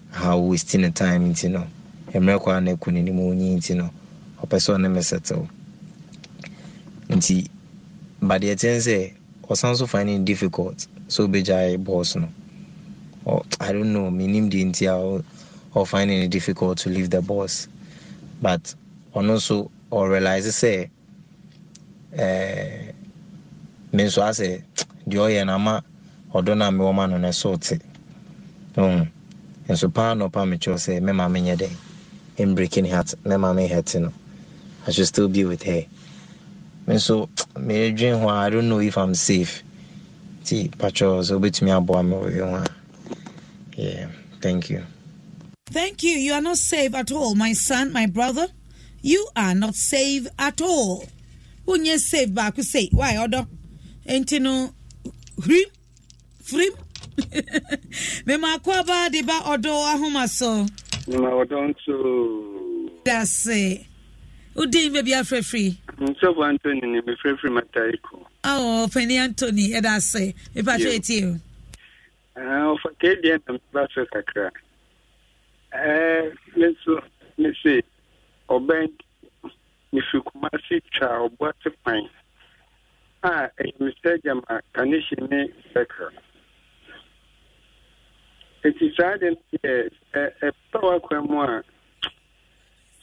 ha time nti no mmerɛ kɔ a na ɛkɔ n'anim ɔnyi nti no ɔpɛ sɛ ɔne me sɛtew nti badeɛ sɛ ɔsan so find difficult sɛ obɛgyae bɔs no i don't or finding it difficult to leave the boss. But on also or realize say eh, eh, me nso asɛ deɛ ɔyɛ no ama ɔdɔ no a mewɔ ma no no ɛso te nso paa nɔpa mekyerɛw sɛ mɛma menyɛ dɛn in breaking heart mɛma mehɛte no I should still be with her me so me dream a I don't know if I'm safe see, patrɔ sɛ wobɛtumi aboa me wɔ ho yeah thank you Thank you. You are not safe at all, my son, my brother. You are not safe at all. When you're safe, back you say, why, order? Ain't you Free. Me ma Mema kwaba de ba odo ahoma so. Na odo nso. That's it. Udi baby afre free. Nso Anthony ni be free free mataiko. Oh, Penny Anthony, eh, that's it. Me pa tweet you. Ah, ofake dia na mba so kakra. nso ne se ɔbɛn nefiri kumase twa ɔboate kwan a ɛyɛ mesɛ gyama kanehye ne eti saa de no yɛ ɛpɛ kwan mu a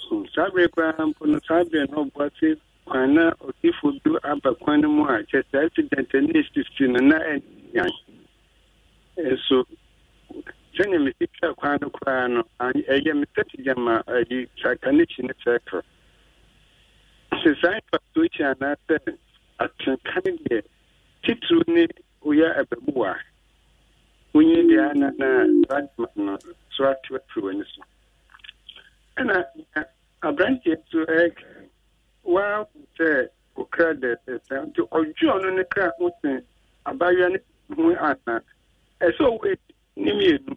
hmm, saa berɛ koraa mpo no saa berɛ na ɔboate kwan na ɔdifo du aba kwan no mu a kyɛ sɛ accident ne ɛsisi no na ɛnyan ɛso sɛnea mesi twa kwan no koraa no ɛyɛ mesɛtigyama ayi trakanekyi ne sɛkro sɛ saa infrastructure anaasɛ atenkane deɛ titiriw ne woyɛ ababuwa wonyi deɛ ana na no so atew afiri w'ani so ɛna aberanteɛ so ɛk waa sɛ okra dɛ sɛ nti ɔdwe ɔno ne kra ho sen abaayewa ne ho ana ɛsɛ ɔwɔ ne mmienu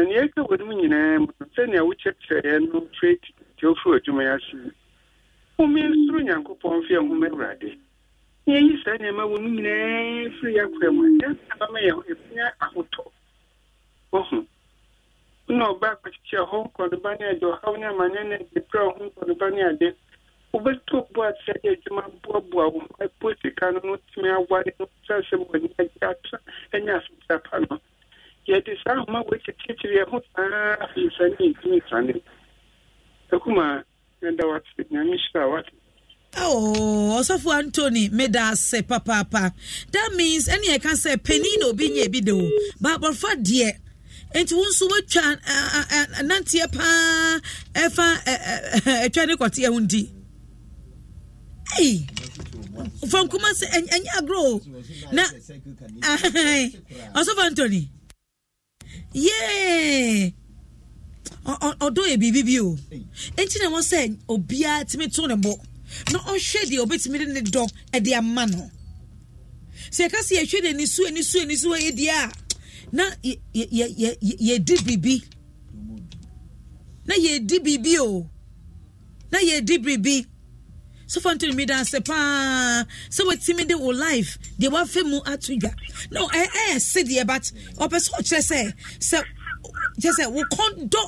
sɛ nea ɛka wɔ nom nyinaa mu sɛnea wokyerɛkyerɛeɛ no fɛ tiofo adwuma yɛ ase wome nsoro nyankopɔn fi ahoma awurade na yɛyi saa nneɛma wɔ no nyinaa firi yɛakoa mu ɛbama yɛ ɛpia ahotɔ wohu na ɔba akɔkyekyɛ hɔ nkɔdeba ne ade ɔhaw ne amanneɛ ne ade pra ho nkɔdeba ne ade wobɛtɔ bo atrɛ de adwuma boaboa wo ho ɛpo sika no no tumi awoa ne no sɛ sɛ wɔne agye atra anya asotira pa no yɛde saa ahoma wɔtititiri ɛho saa afei ne ntumi sane akuma ɛda wate nyame hyira wate Oh, Osofo Anthony made us say papa papa. That means any I can say penny no be ye bido. But but for dear nti wo nso woatwa nanteɛ paa ɛfa atwa ne kɔteɛ ho nti fankuma sɛ ɛnyɛ agorɔ o na ɔsofo antony yee ɔdɔ yɛ biribi bi o nti na wɔn sɛ obiara tumi to ne bo na ɔhwɛ deɛ obetumi de ne dɔ de ama no sɛ yɛka sɛ yɛhwɛ deɛ ne su ne su ne su yɛ deɛ a na yɛdi biribi na yɛdi biribi o na yɛdi biribi sɔfo ntoni mi da ase eh, paa sɛ wɔtumi de wo life deɛ wafɛ mu ato dwa no ɛyɛ eh, eh, ɛyɛ se deɛ but ɔpɛ sɛ ɔkyerɛ sɛ sɛ kyerɛ sɛ wo kɔn dɔ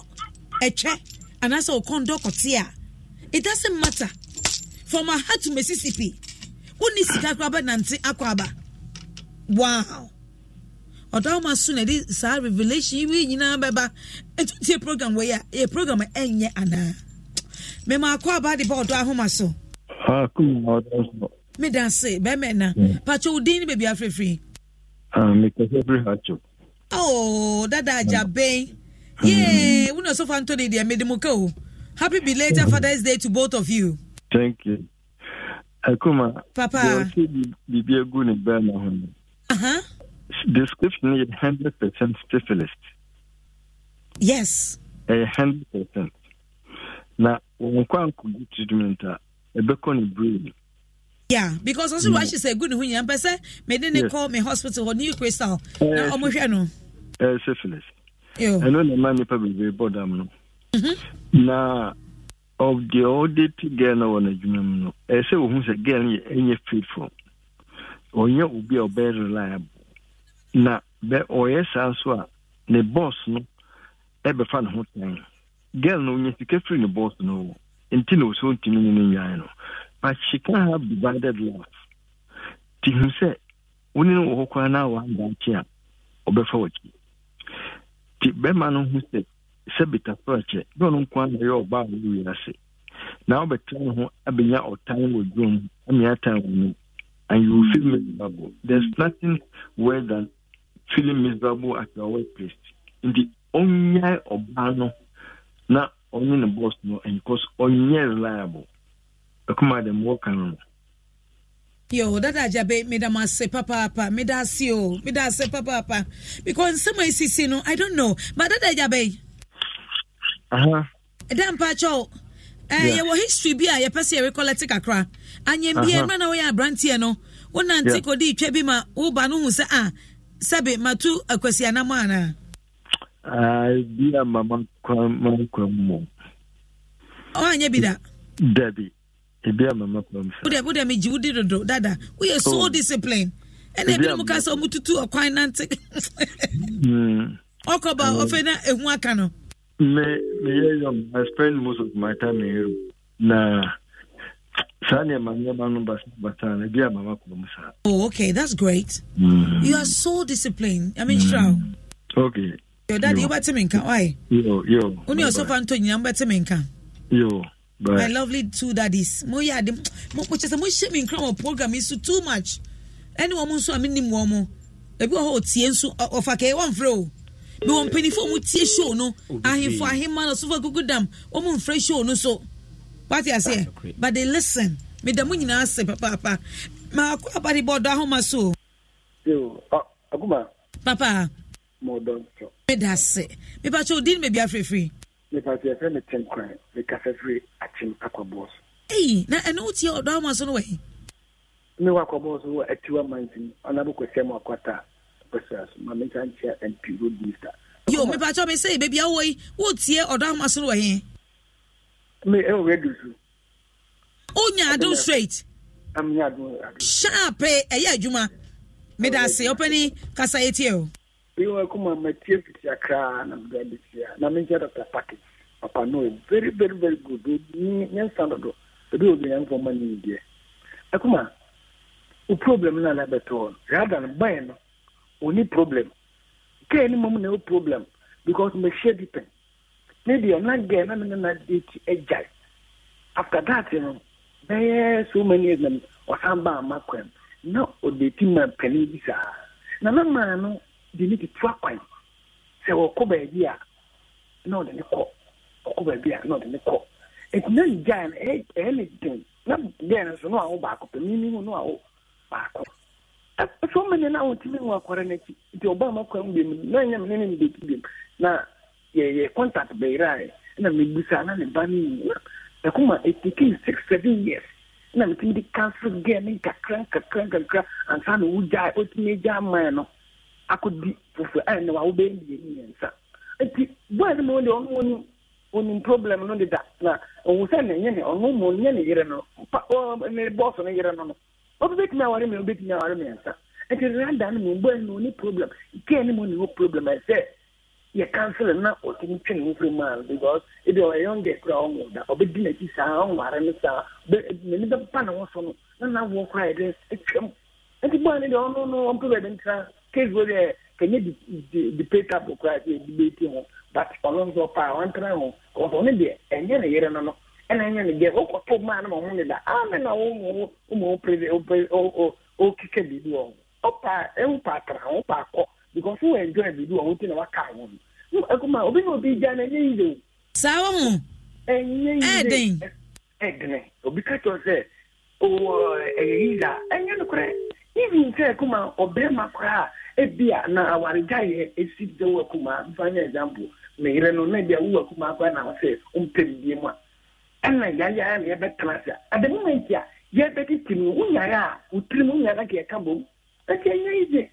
e ɛtwɛ anaasɛ wo kɔn dɔ kɔte a it doesn't matter from aha to mississippi wonni sika koraa bɛ nante akɔ aba wow ɔdɔn ma so na ɛde saa revelation yi wei nyinaa bɛba ntutie program wei a yɛ program ɛnyɛ anaa mɛma akɔ aba de ba ɔdɔ ahoma so. meda se bɛma na patwo wo din ne baabi afrɛfiri ah, oh dada agya mm. bɛn ye wone ɔsɔfo antony deɛ mede mo ka o happy belated mm. father's day to both of you thank you akuma papa biribi agu ne bɛma ho no uh-huh. description yɛ hundred percent syphilis yes ɛyɛ hundred percent na wɔnkɔ ankɔgu treatment a ɛbɛkɔ ne brain yeah because ɔso wahye sɛ ɛgu ne ho nyina mpɛ sɛ mede ne kɔ me hospital hɔ new crystal na ɔmohwɛ no syphilis ɛno na ɛma nnipa bebree bɔ dam no na of the ti girl no wɔ n'adwuma mu no ɛyɛ sɛ wɔhu sɛ girl no ɛnyɛ faithful ɔnyɛ obi a ɔbɛyɛ reliable na bɛ ɔyɛ saa nso a ne boss no ɛbɛfa ne ho tan girl no ɔnya sika firi ne boss no wɔ nti na osuo ntumi ne ne nyan no but she can have divided nti hu sɛ wo ne no na a ɔbɛfa wakyi nti bɛrima no ho sɛ sɛ bitasorakyerɛ dɛ ɔno nko a na ɛyɛ na wobɛtra ne ho abɛnya ɔtan wɔ dwom amea tan wɔ and you feel miserable there's nothing worse than feeling miserable at nti ɔnyae na ɔno ne boss no because ɔnyɛ reliable ɛkoma dɛm wɔka no yo dada ajabe meda mo ase papaapa meda ase o meda ase papaapa because nsɛm a ɛsisi e no i don't know but dada ajabe aha ɛda mpakyɛw eh, ɛɛ yɛwɔ history bi a yɛpɛ sɛ yɛrekɔlɛte kakra anyɛm bia mmerɛ na woyɛ aberanteɛ no wonante kɔde twa bi ma woba no hu sɛ a ah, sɛbe matu akwasianam anaa bi a ma mankwan mu oh, ɔnyɛ bi da dabi ebi a ma mankwan mu wodɛ wodɛ megye wodi dodo dada woyɛ so oh. discipline ɛna ebinom ka sɛ ɔmotutu ɔkwan nante ɔkɔba hmm. ɔfɛ hmm. na ehu aka no me meyɛ yɔm i spend most of my time in europe na sani nneɛma nneɛma no basabasa ebi a ma mankwan saa oh okay that's great mm. you are so disciplined i mean mm. sure okay Yo, daddy, yɛ dade wobɛte me Yo, wae wo ne ɔsɔfa ntɔ nyina mobɛte me bye. my lovely two daddies Mo ade mokyɛ Mo mohyɛ me nkra wɔ program yi so too much ɛne wɔ mo nso a menim wɔ mo ebi wɔ hɔ ɔtie nso ɔfa kɛyɛ wɔmfrɛ o mewɔ mpanimfoɔ mu tie show no ahemfo oh, ahemma no sofo akuku dam wɔmu mfrɛ show no so What wate say? but they listen meda mo nyinaa se papa papa. papaapa maako abade bɔɔdɔ ahoma so o ah, papa mɔdɔ meda ase mepakyɛ odin baabi afirifiri mepakyɛ yɛfrɛ me tem kwan akyem akɔboɔ so ei na ɛno wotie ɔdɔ ama so no wai mewɔ akɔboɔ so wɔ atiwa mantim ɔnabokɔsɛ mu akɔta pɛsɛ so ma mensa nkyɛ mp road minister yo mepakyɛ me sɛ baabi awɔ yi wotie ɔdɔ ama so no wɔ me ɛwɔ radio so wonya adom straight amnya adom sharp ɛyɛ adwuma meda ase ɔpɛni kasa yɛtie o biwa kuma matie fitia kraa na mdadi sia na menkyɛ dr paki papa no very very very good nyɛnsa dodo ebi obi nyankopɔn ma ne deɛ akuma wo problem no ana bɛto hɔ rada no bɛn no ɔni problem kaa ne mom na ɛwɔ problem because mahyia di pɛn ne deɛ na gɛɛ na mene na deti agyae after that no bɛyɛ so many years na ɔsan baa ma kwam na ɔdeti ma panin bi saa na na maa no de ne de tua kwan sɛ wɔkɔ baabi a na ɔde ne kɔ ɔkɔ baabi a na ɔde ne kɔ nti na gyae no ɛyɛ ne den na gyae no nso no awo baako panyin ne ho no awo baako ɛfɛ ɔmo ne na awo tumi ho akɔrɔ n'akyi nti ɔbaa ma kwan bɛ mu na nyɛ mu ne ne ne de mu na yɛyɛ contact bɛyira yɛ ɛna mebusa na ne ba ne yi na ɛkoma etikin six seven years ɛna metumi de cancel gɛɛ ne nkakra nkakra nkakra ansa na wogyae otumi gyae man e no. akɔdi fufuo ɛyɛ na wawo bɛyɛ mmienu mmiɛnsa nti boy no ma wɔn deɛ ɔno wɔn problem no deda na ohun sɛ ne nye ne ɔno mu nye ne yere no pa ɔ ne bɔɔso ne yere no no obi betumi awari mmienu betumi awari mmiɛnsa nti rada no mu boy no oni problem kee problem ɛsɛ yɛ na firi mu because ebi ɔyɛ kura ɔmo da n'akyi saa saa bɛ pa no na yɛ de ɔno no case wo deɛ kɛnyɛ debate abo koraa sɛ yɛdebate ho but ɔno nso paa wantena ho ɔsɛ ɔno deɛ ɛnyɛ ne yere no no e ɛna ɛnyɛ ne deɛ wokɔto maa no ma ho ne da ame na woma wo prese wokeka biribi wɔ ho ɔpaa ɛwo paa e, tra ho paa kɔ because wo enjoy biribi wɔ ho nti na waka ho no ɛkoma obi na obi gya no ɛnyɛ yie o saa wɔ mu ɛnyɛ yie ɛden ɛdene obi ka kyerɛ sɛ ɛyɛ yie a ɛnyɛ nokorɛ even sɛ ɛkoma ɔbɛrima koraa a ebia na awaregyaeɛ esi dɛ wɔ akumaa mfa nyɛ example na yere no na ebia wowɔ akumaa koraa na wɔsɛ mpɛm bie mu a ya ya na ya ya a at ya ya ya yɛbɛdi ya a wotirim wonyare ka yɛka ya ɛti ɛnyɛ yi de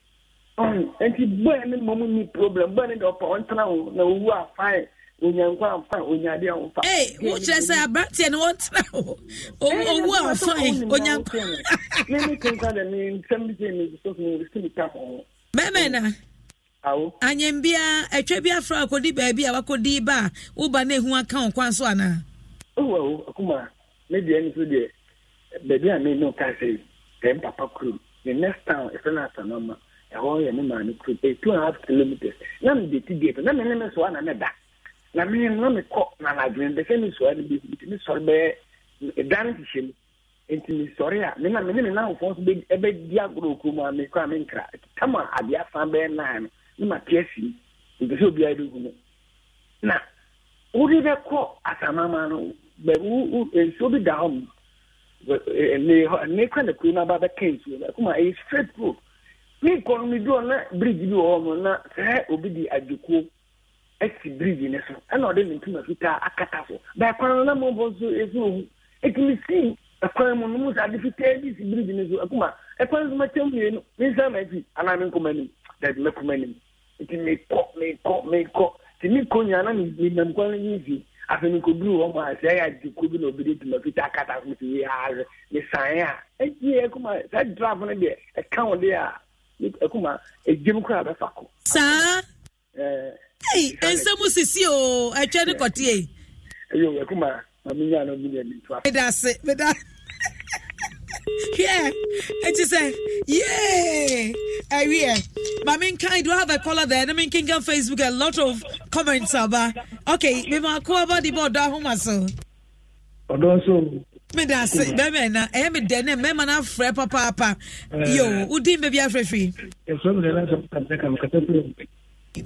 nti bɔɛ ni problem na owu a fae onyankwa amfa onyade a ɔmfa wokyerɛ sɛ aberanteɛ no ɔntena wo owu a ɔfae onyankwa bẹẹmẹ na anyambia atwa bi afra akɔdi baabi a wakɔdi ba a woba na ehu aka kwan so deɛ baabi a papa kurom next town na asa ɛhɔ yɛ ne maame kurom a two and half kilometres na mi de na mi ne mi na na na na sɛ nti mesɔre a na mene me namfoɔ nso bɛdi agorɔ kurom a mekɔ a menkra tam a adeɛ asan bɛyɛ naa no ne si mpɛ sɛ obiara mu na wode bɛkɔ asamama no nsuo bi da e, e, hɔ ne kɔ na kuro no nsuo ɛyɛ straight road ne na bridge bi wɔ hɔ na sɛ obi esi bridge ne so ɛna ɔde ne ntoma fitaa akata so nso ɛkwan mu nomu sɛ ade fitaa bi si birigi no so akuma ɛkwan so makyɛm mmienu me nsa ma akyi anaa me nkɔma anim dade mɛkɔma anim nti mekɔ mekɔ mekɔ nti mekɔ nyinaa na menam kwan no yi fie afei mekɔduru hɔ ma sɛ ɛyɛ adekuo bi na ɔbɛde tuma fitaa kata so sɛ yɛare mesae a ɛgye akuma saa draft no deɛ ɛka e wo de a akuma ɛgyem e koraa bɛfa kɔ saa ɛnsɛm eh. e sisi o ɛtwɛ ne kɔteɛ ɛyɛ akuma Mami I do I have a caller there? I mean, King on Facebook, a lot of comments about. Okay, We ma ko about the board Don't so. Odo so. Me da se, mm-hmm. be me na, eh me de ne me ma na frɛ papa papa. Eh. Yo, udin be bia frɛ fi. E eh, so me na so ta ka ka ta pe.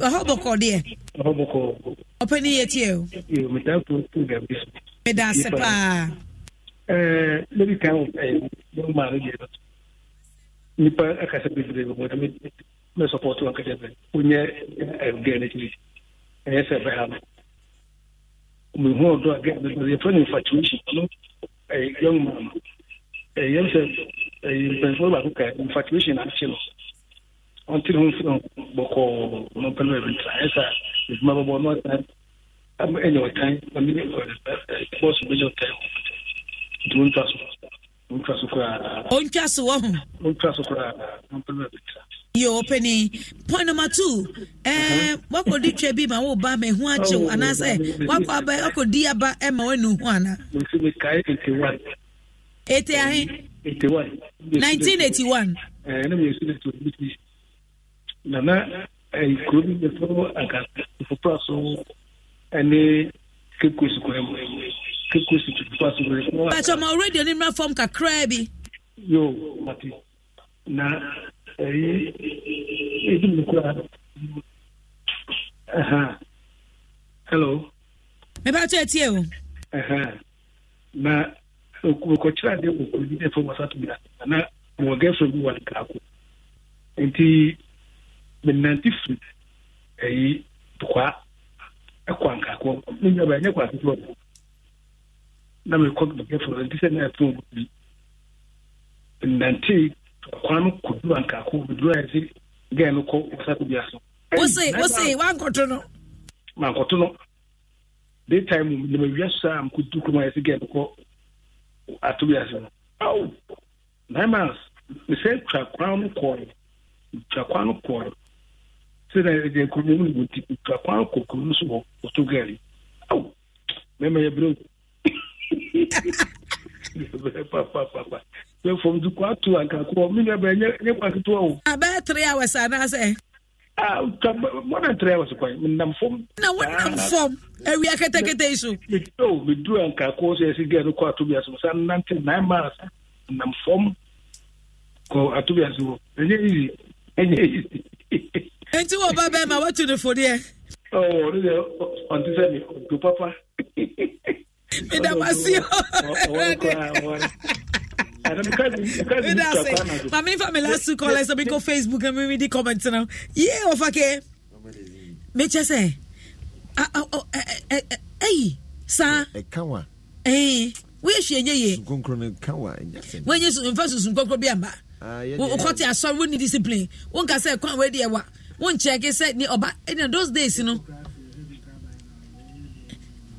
Ho boko de. Ho meda ase paa lórí kan ló máa ló yẹ lọ́tọ̀ nípa akásẹ́ bèbèrè gbogbo ẹ̀dá mi sọpọ́tù akẹ́kẹ́ bẹ́ẹ̀ ó nyẹ ẹ̀gẹ́ ẹ̀dẹ́ kiri ẹ̀yẹ sẹ́ bẹ́ẹ̀ hàn mi hu ọ̀dọ́ àgẹ́ ẹ̀dẹ́ bẹ́ẹ̀ fẹ́ ní infatuation ọ̀nà eh, young man yẹn sẹ mpẹnfọ baako ka infatuation ahyɛ no ɔnti ne ho bɔkɔɔ ɔno pɛlɛ ɛbi ntra ɛsɛ ɛdwuma bɔbɔ ɔno um, in your point number two ɛɛ wakɔdi twa bi ma woba ma ehu akyew anaasɛ wakɔ aba wakɔdi aba ɛma wɔn ehu ana. ete ahe. nineteen eighty eh, one. ɛɛ ne mu yɛ student wɔ bisi nana kuro bi bɛ fɔ akasɛ fɔ ɛne kekos kwan mu kekos tutupa so wɔ ɛkɔ. bàtà ma rédíò ní mìíràn fọm kakra bi. yo mati na ɛyi ebi mi kura ɛhɛn hello. mẹ́bàá tó ẹ tiẹ̀ e o. ɛhɛn na okòkòkyerɛ adi okòkòrò bi fɔm wasa tóbi na na wɔn gɛfɛ bi wà ní kaako nti mɛ nante firi ɛyi tukwa ɛkɔ ankakɔ ne nya bɛyɛ ne kɔ aketewa bɔ na mekɔ bɛkɛ foro nti sɛ ne ɛto bi nnante kwan no kɔduru ankakɔ bɛduru ayɛ sɛ gɛɛ no kɔ wasako bia so wose wose wankɔto no mankɔto no day time mu ne mawia so a mkɔduru kurom ayɛ sɛ gɛɛ no kɔ ato bia so no ao nine months mesɛ twa kwan no kɔɔ twa kwan no kɔɔ sɛdeɛ deɛ kurom mu ne wɔtika kwan kɔ kurom so wɔ portugal ao mɛma yɛbrɛ papapapa fam de kwato ankakɔ me nua nyɛ kwa ketewa abɛyɛ kwan menam na wonam awia ketekete yi so meduru gɛ no kɔ ato nante nine miles nam kɔ ato hɔ ɛnyɛ easy ɛnyɛ e easy nti wɔ ba bɛrima watu ne fodeɛ ɔno deɛ ɔnte sɛ me ɔdu papa meda maseɛ medase ma memfa me last two callers sɛ mekɔ facebook and na memedi comment no ye ɔfa ke mekyɛ sɛ ɛyi saa woyɛhwɛ ɛnyɛ ye woanyɛ mfa susum kɔkorɔ bi amba wokɔte asɔre wonni discipline wonka sɛ kwan wadi ɛwa wonkyɛke sɛ ne ɔba ɛna those days no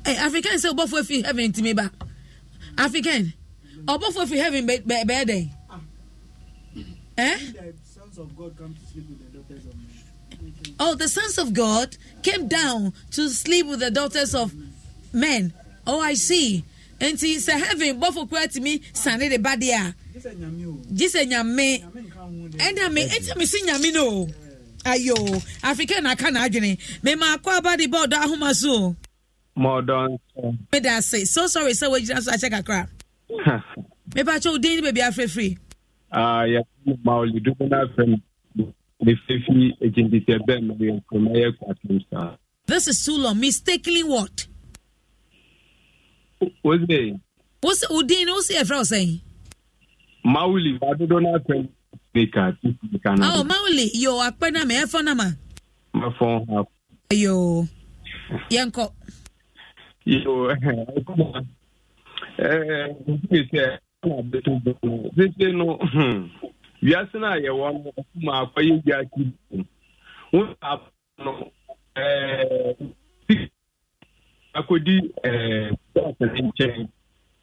ɛ african sɛ ɔbɔfo afi heaven timi ba african ɔbɔfo afi heaven bɛɛ dɛn ɛ. Oh, the sons of God came down to sleep with the daughters of men. Oh, I see. And he said, Heaven, both of to me, Sunday the body. This is This is Nyame. And I mean, it's a missing Nyame, no. ayo afrika na aka na adwene mema akɔ aba de bɔ ɔdɔ ahoma so mɔdɔ nsɛ meda ase so sorry sɛ woagyina so akyɛ kakra mepakyɛ wo din ne baabi afrɛfiri yɛmaoli dubona frɛ mefifi ɛgyindisɛ bɛ mɛyɛnkoma yɛ kwatem saa This is too long. Mistakenly what? What's it? What's Udin? What's your e friend saying? Mauli, but I don't know speaker ti speaker na. awo maoli yo akpɛ na mɛ ɛfɔ na ma. ma fɔ ha. yo yɛn kɔ. yo ɛɛ ɛɛ ɛɛ ɛɛ sɛ ɛna bɛ to bɔ o sese no wiase na yɛ wɔ no ɔfuma akɔ yɛ wiase bi o a no ɛɛ akɔdi ɛɛ ɛɛ nkyɛn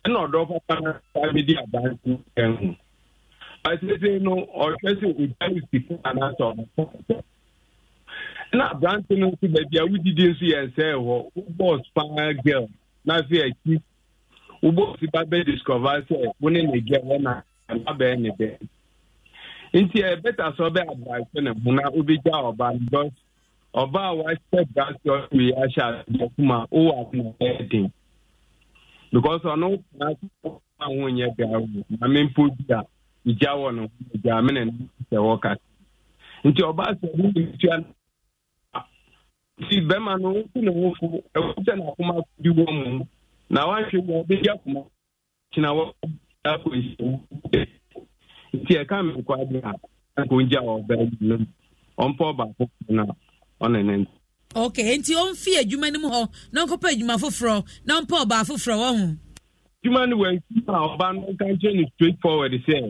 ɛna ɔdɔ papa na ɛbi di abanti ɛho asese no ɔhwɛ sɛ ɔgya no sika anaasɛ ɔbɛkɔ na aberante no nso baabi a wodidi nso yɛ nsɛe hɔ wobɔɔ spa girl na afei akyi wobɔɔ si ba bɛdiscover sɛ wo ne ne girl ɛna abɛɛ ne bɛɛ nti ɛbɛta sɛ ɔbɛ abrante ne ho na wobɛgya ɔba no bcause ɔba a wahyɛ brase ɔwie ahyɛ adeakuma wowɔ adena ɛyɛ den because ɔno wotena ho nyɛ bɛawo na mempo bi a gya wɔ no gya me ne sɛ wɔka nti ɔbaa sɛ ne ntua nti bɛrima no wosi ne ho fo ɛwɔ sɛ n'akoma bi wɔ mu na wahwɛ mu ɔbɛgya akoma kyina wɔ akɔ nsia nti ɛka me nkɔ adi a nko ngya ɔbaa bi no ɔmpɔ baako na ɔne ne nti. ok nti ɔmfi adwuma no mu hɔ na ɔnkɔpɛ adwuma foforɔ na ɔmpɔ ɔbaa foforɔ wɔ ho. adwuma no wɔ nsu a ɔbaa no nka nkyɛn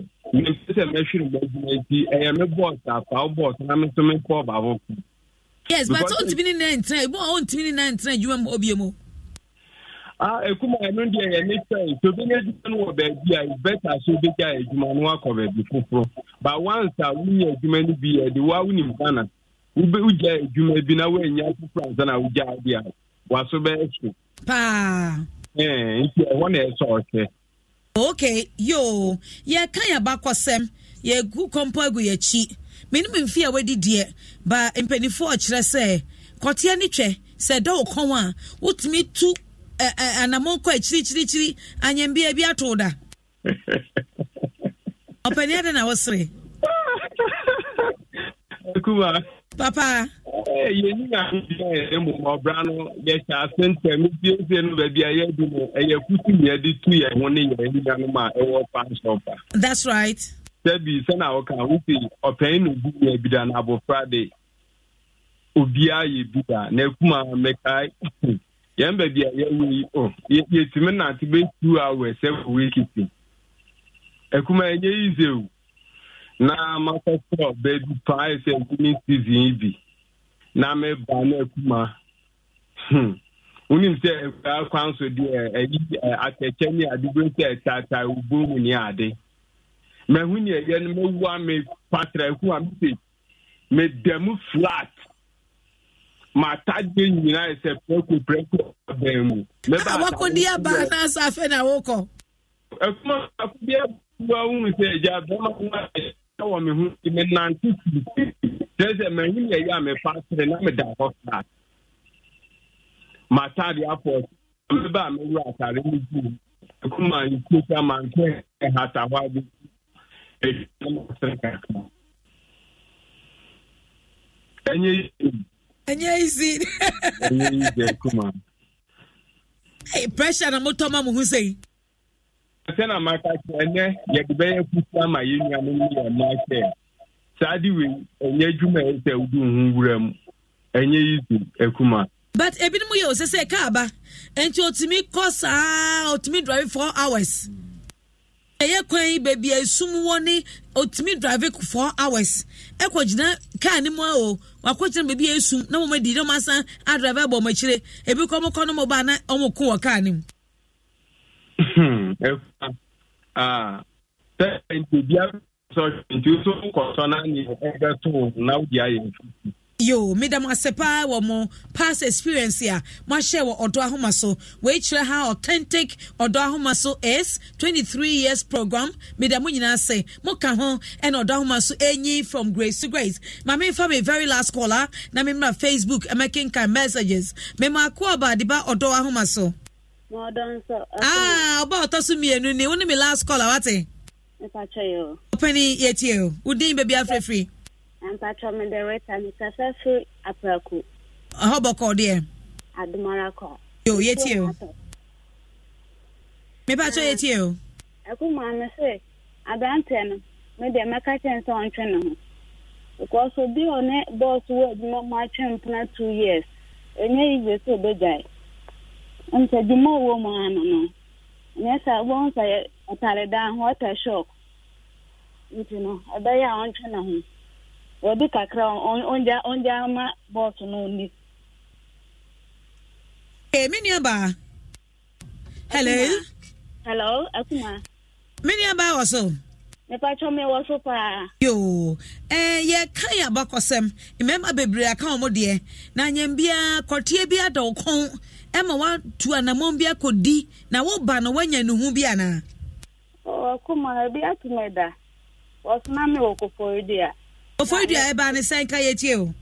no mepɛsɛ mɛhwere bɔgyina nti ɛyɛ me bɔs apa wo bɔs na me so mekɔ baako ko yes but wontumi ne nan ntena a wontumi ne nan adwuma mu obie mu ah ekuma ɛno deɛ yɛ ne fɛn so bi ne adwuma no wɔ baabi a bɛta so bɛgya adwuma no akɔ baabi foforɔ ba once a wonya adwuma no bi yɛde wo a wonim ghana wobɛ wogya adwuma bi na woanya foforɔ ansa na wogya adeɛ a waso bɛyɛ so paa nti ɛhɔ na ɛsɛ ɔhyɛ ok yoo yɛka yɛn abakɔsɛm yɛgu kɔmpɔ agu yɛkyi menim mfi a wadi deɛ ba mpanimfoɔ ɔkyerɛ sɛ kɔteɛ ne twɛ sɛ ɛda wo kɔn a wotumi tu e, e, anammɔ nkɔ e akyirikyirikyiri anyambia bi ato wo da ɔpani adɛ na wosere papa. yɛn nyinaa yɛ yɛn mu ɔbra no yɛhyɛ ase ntɛm nsiesie no baabi a yɛdu no ɛyɛ kutu yɛde tu yɛn ho ne yɛn nuanom a ɛwɔ pansɔpa. that's right. sɛbi sɛna ɔka wosi ɔpɛn no bu yɛ bi da na abɔfra de obiara yɛ bi da na ekuma mɛkae yɛn baabi a yɛwɔ yi ɔ yɛtumi nante bɛ two hours ɛwɔ wikiti ekuma ɛnyɛ yize o na makɔkɔ ɔbaa bi paa ayɛ sɛ nkumi season yi bi na meba na akuma hmm wonim sɛ akwadaa kwan so deɛ ɛyi atɛkyɛ ne ade bere sɛ taataa obuo mu ne ade mahu ne ɛyɛ no mawu a me patra aku a mese meda mu flat matagye nyinaa yɛ sɛ prɛko prɛko aban mu wakɔdi abaa na asa afei na wokɔ akuma eh, akɔdi abaa wo hu sɛ agya bɛma eh, ho eh, ayɛ wɔ me ho nti menante kyerɛ sɛ ndị yɛyɛ a mefa serɛ na meda hɔ saa matade apɔ meba a mewura atare no ma ɛkoma nkusa mankɛ hata hɔ kakra ɛnyɛ ɛnyɛ ɛnyɛ pressure na ma mo ho sɛ na maka kyɛ ɛnɛ yɛde bɛyɛ kusi ama yɛ ya ne yɛ mma sɛ saa de wei ɛnyɛ adwuma ɛ sɛ wode ho wura mu ɛnyɛ akuma but ebinom yɛ o sɛ sɛ ɛka aba enti otumi kɔ saa otumi drive four hours ɛyɛ kwan yi baabi esum wɔ drive four hours ɛkɔ gyina kaa ne mu o wakɔ gyina esum na wɔn adi na wɔn asan adrive abɔ wɔn akyire ebi kɔ wɔn kɔ no mo ba na wɔn ko wɔ kaa sɛ ah, ah, eh, nti bia sɛ nti so nkɔsɔ na ne ɛbɛto na wode ayɛ mfiti yo medam ase paa wɔ mo past experience a moahyɛ wɔ ɔdɔ ahoma so wɔakyerɛ ha authentic ɔdɔ ahoma so s 23 years program meda mo nyinaa se moka ho ɛna ɔdɔ ahoma so ɛnyi from grace to grace ma memfa me very last call a na memmra facebook ɛmɛkenkan messages memaako aba de ba ɔdɔ ahoma so Uh, ah, ọba ọtọ so mmienu ni wọn mi last call awate. mpatwa yi o. ọpẹni o udin bẹbi afirifiri. mpatwa mi dẹ rẹta eh, mi kasa fi apẹku. ọhọ bọkọ ọdẹ. adumara kọ. yo yẹti o. mpatwa yẹti yi o. ẹkú maame sè aberanteɛ no mi dẹ mẹka kyẹn sẹ ɔntwe ne ho because obi wɔ ne bɔɔsu wɔ adwuma mu two years enye yi gye sɛ obegya yi. nti edwuma a mu ano no nyɛ sɛ wɔn sɛ ɔtare dan ho ɔtɛ shock nti no ya a ɔntwe ne ho kakra no ni. ee mi hello. hello akuma. mi so. so paa. yoo eh, yɛ abakɔsɛm mmarima bebree aka wɔn deɛ na nyɛ kɔteɛ bi ada ɔkɔn. ɛma watu anammɔn bi akɔdi na woba no woanya ne ho bi anaa ɔkoma ebi ato me da wɔsena me wɔ koforidua koforidua ɛbaa ne sɛn ka yɛtie o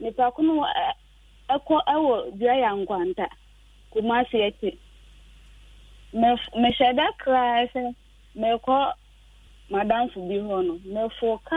nipa ko no ɛkɔ ɛwɔ dua yɛ ankwanta kumasi akyi mehyɛ da koraa sɛ merekɔ madamfo bi hɔ no mefo ka.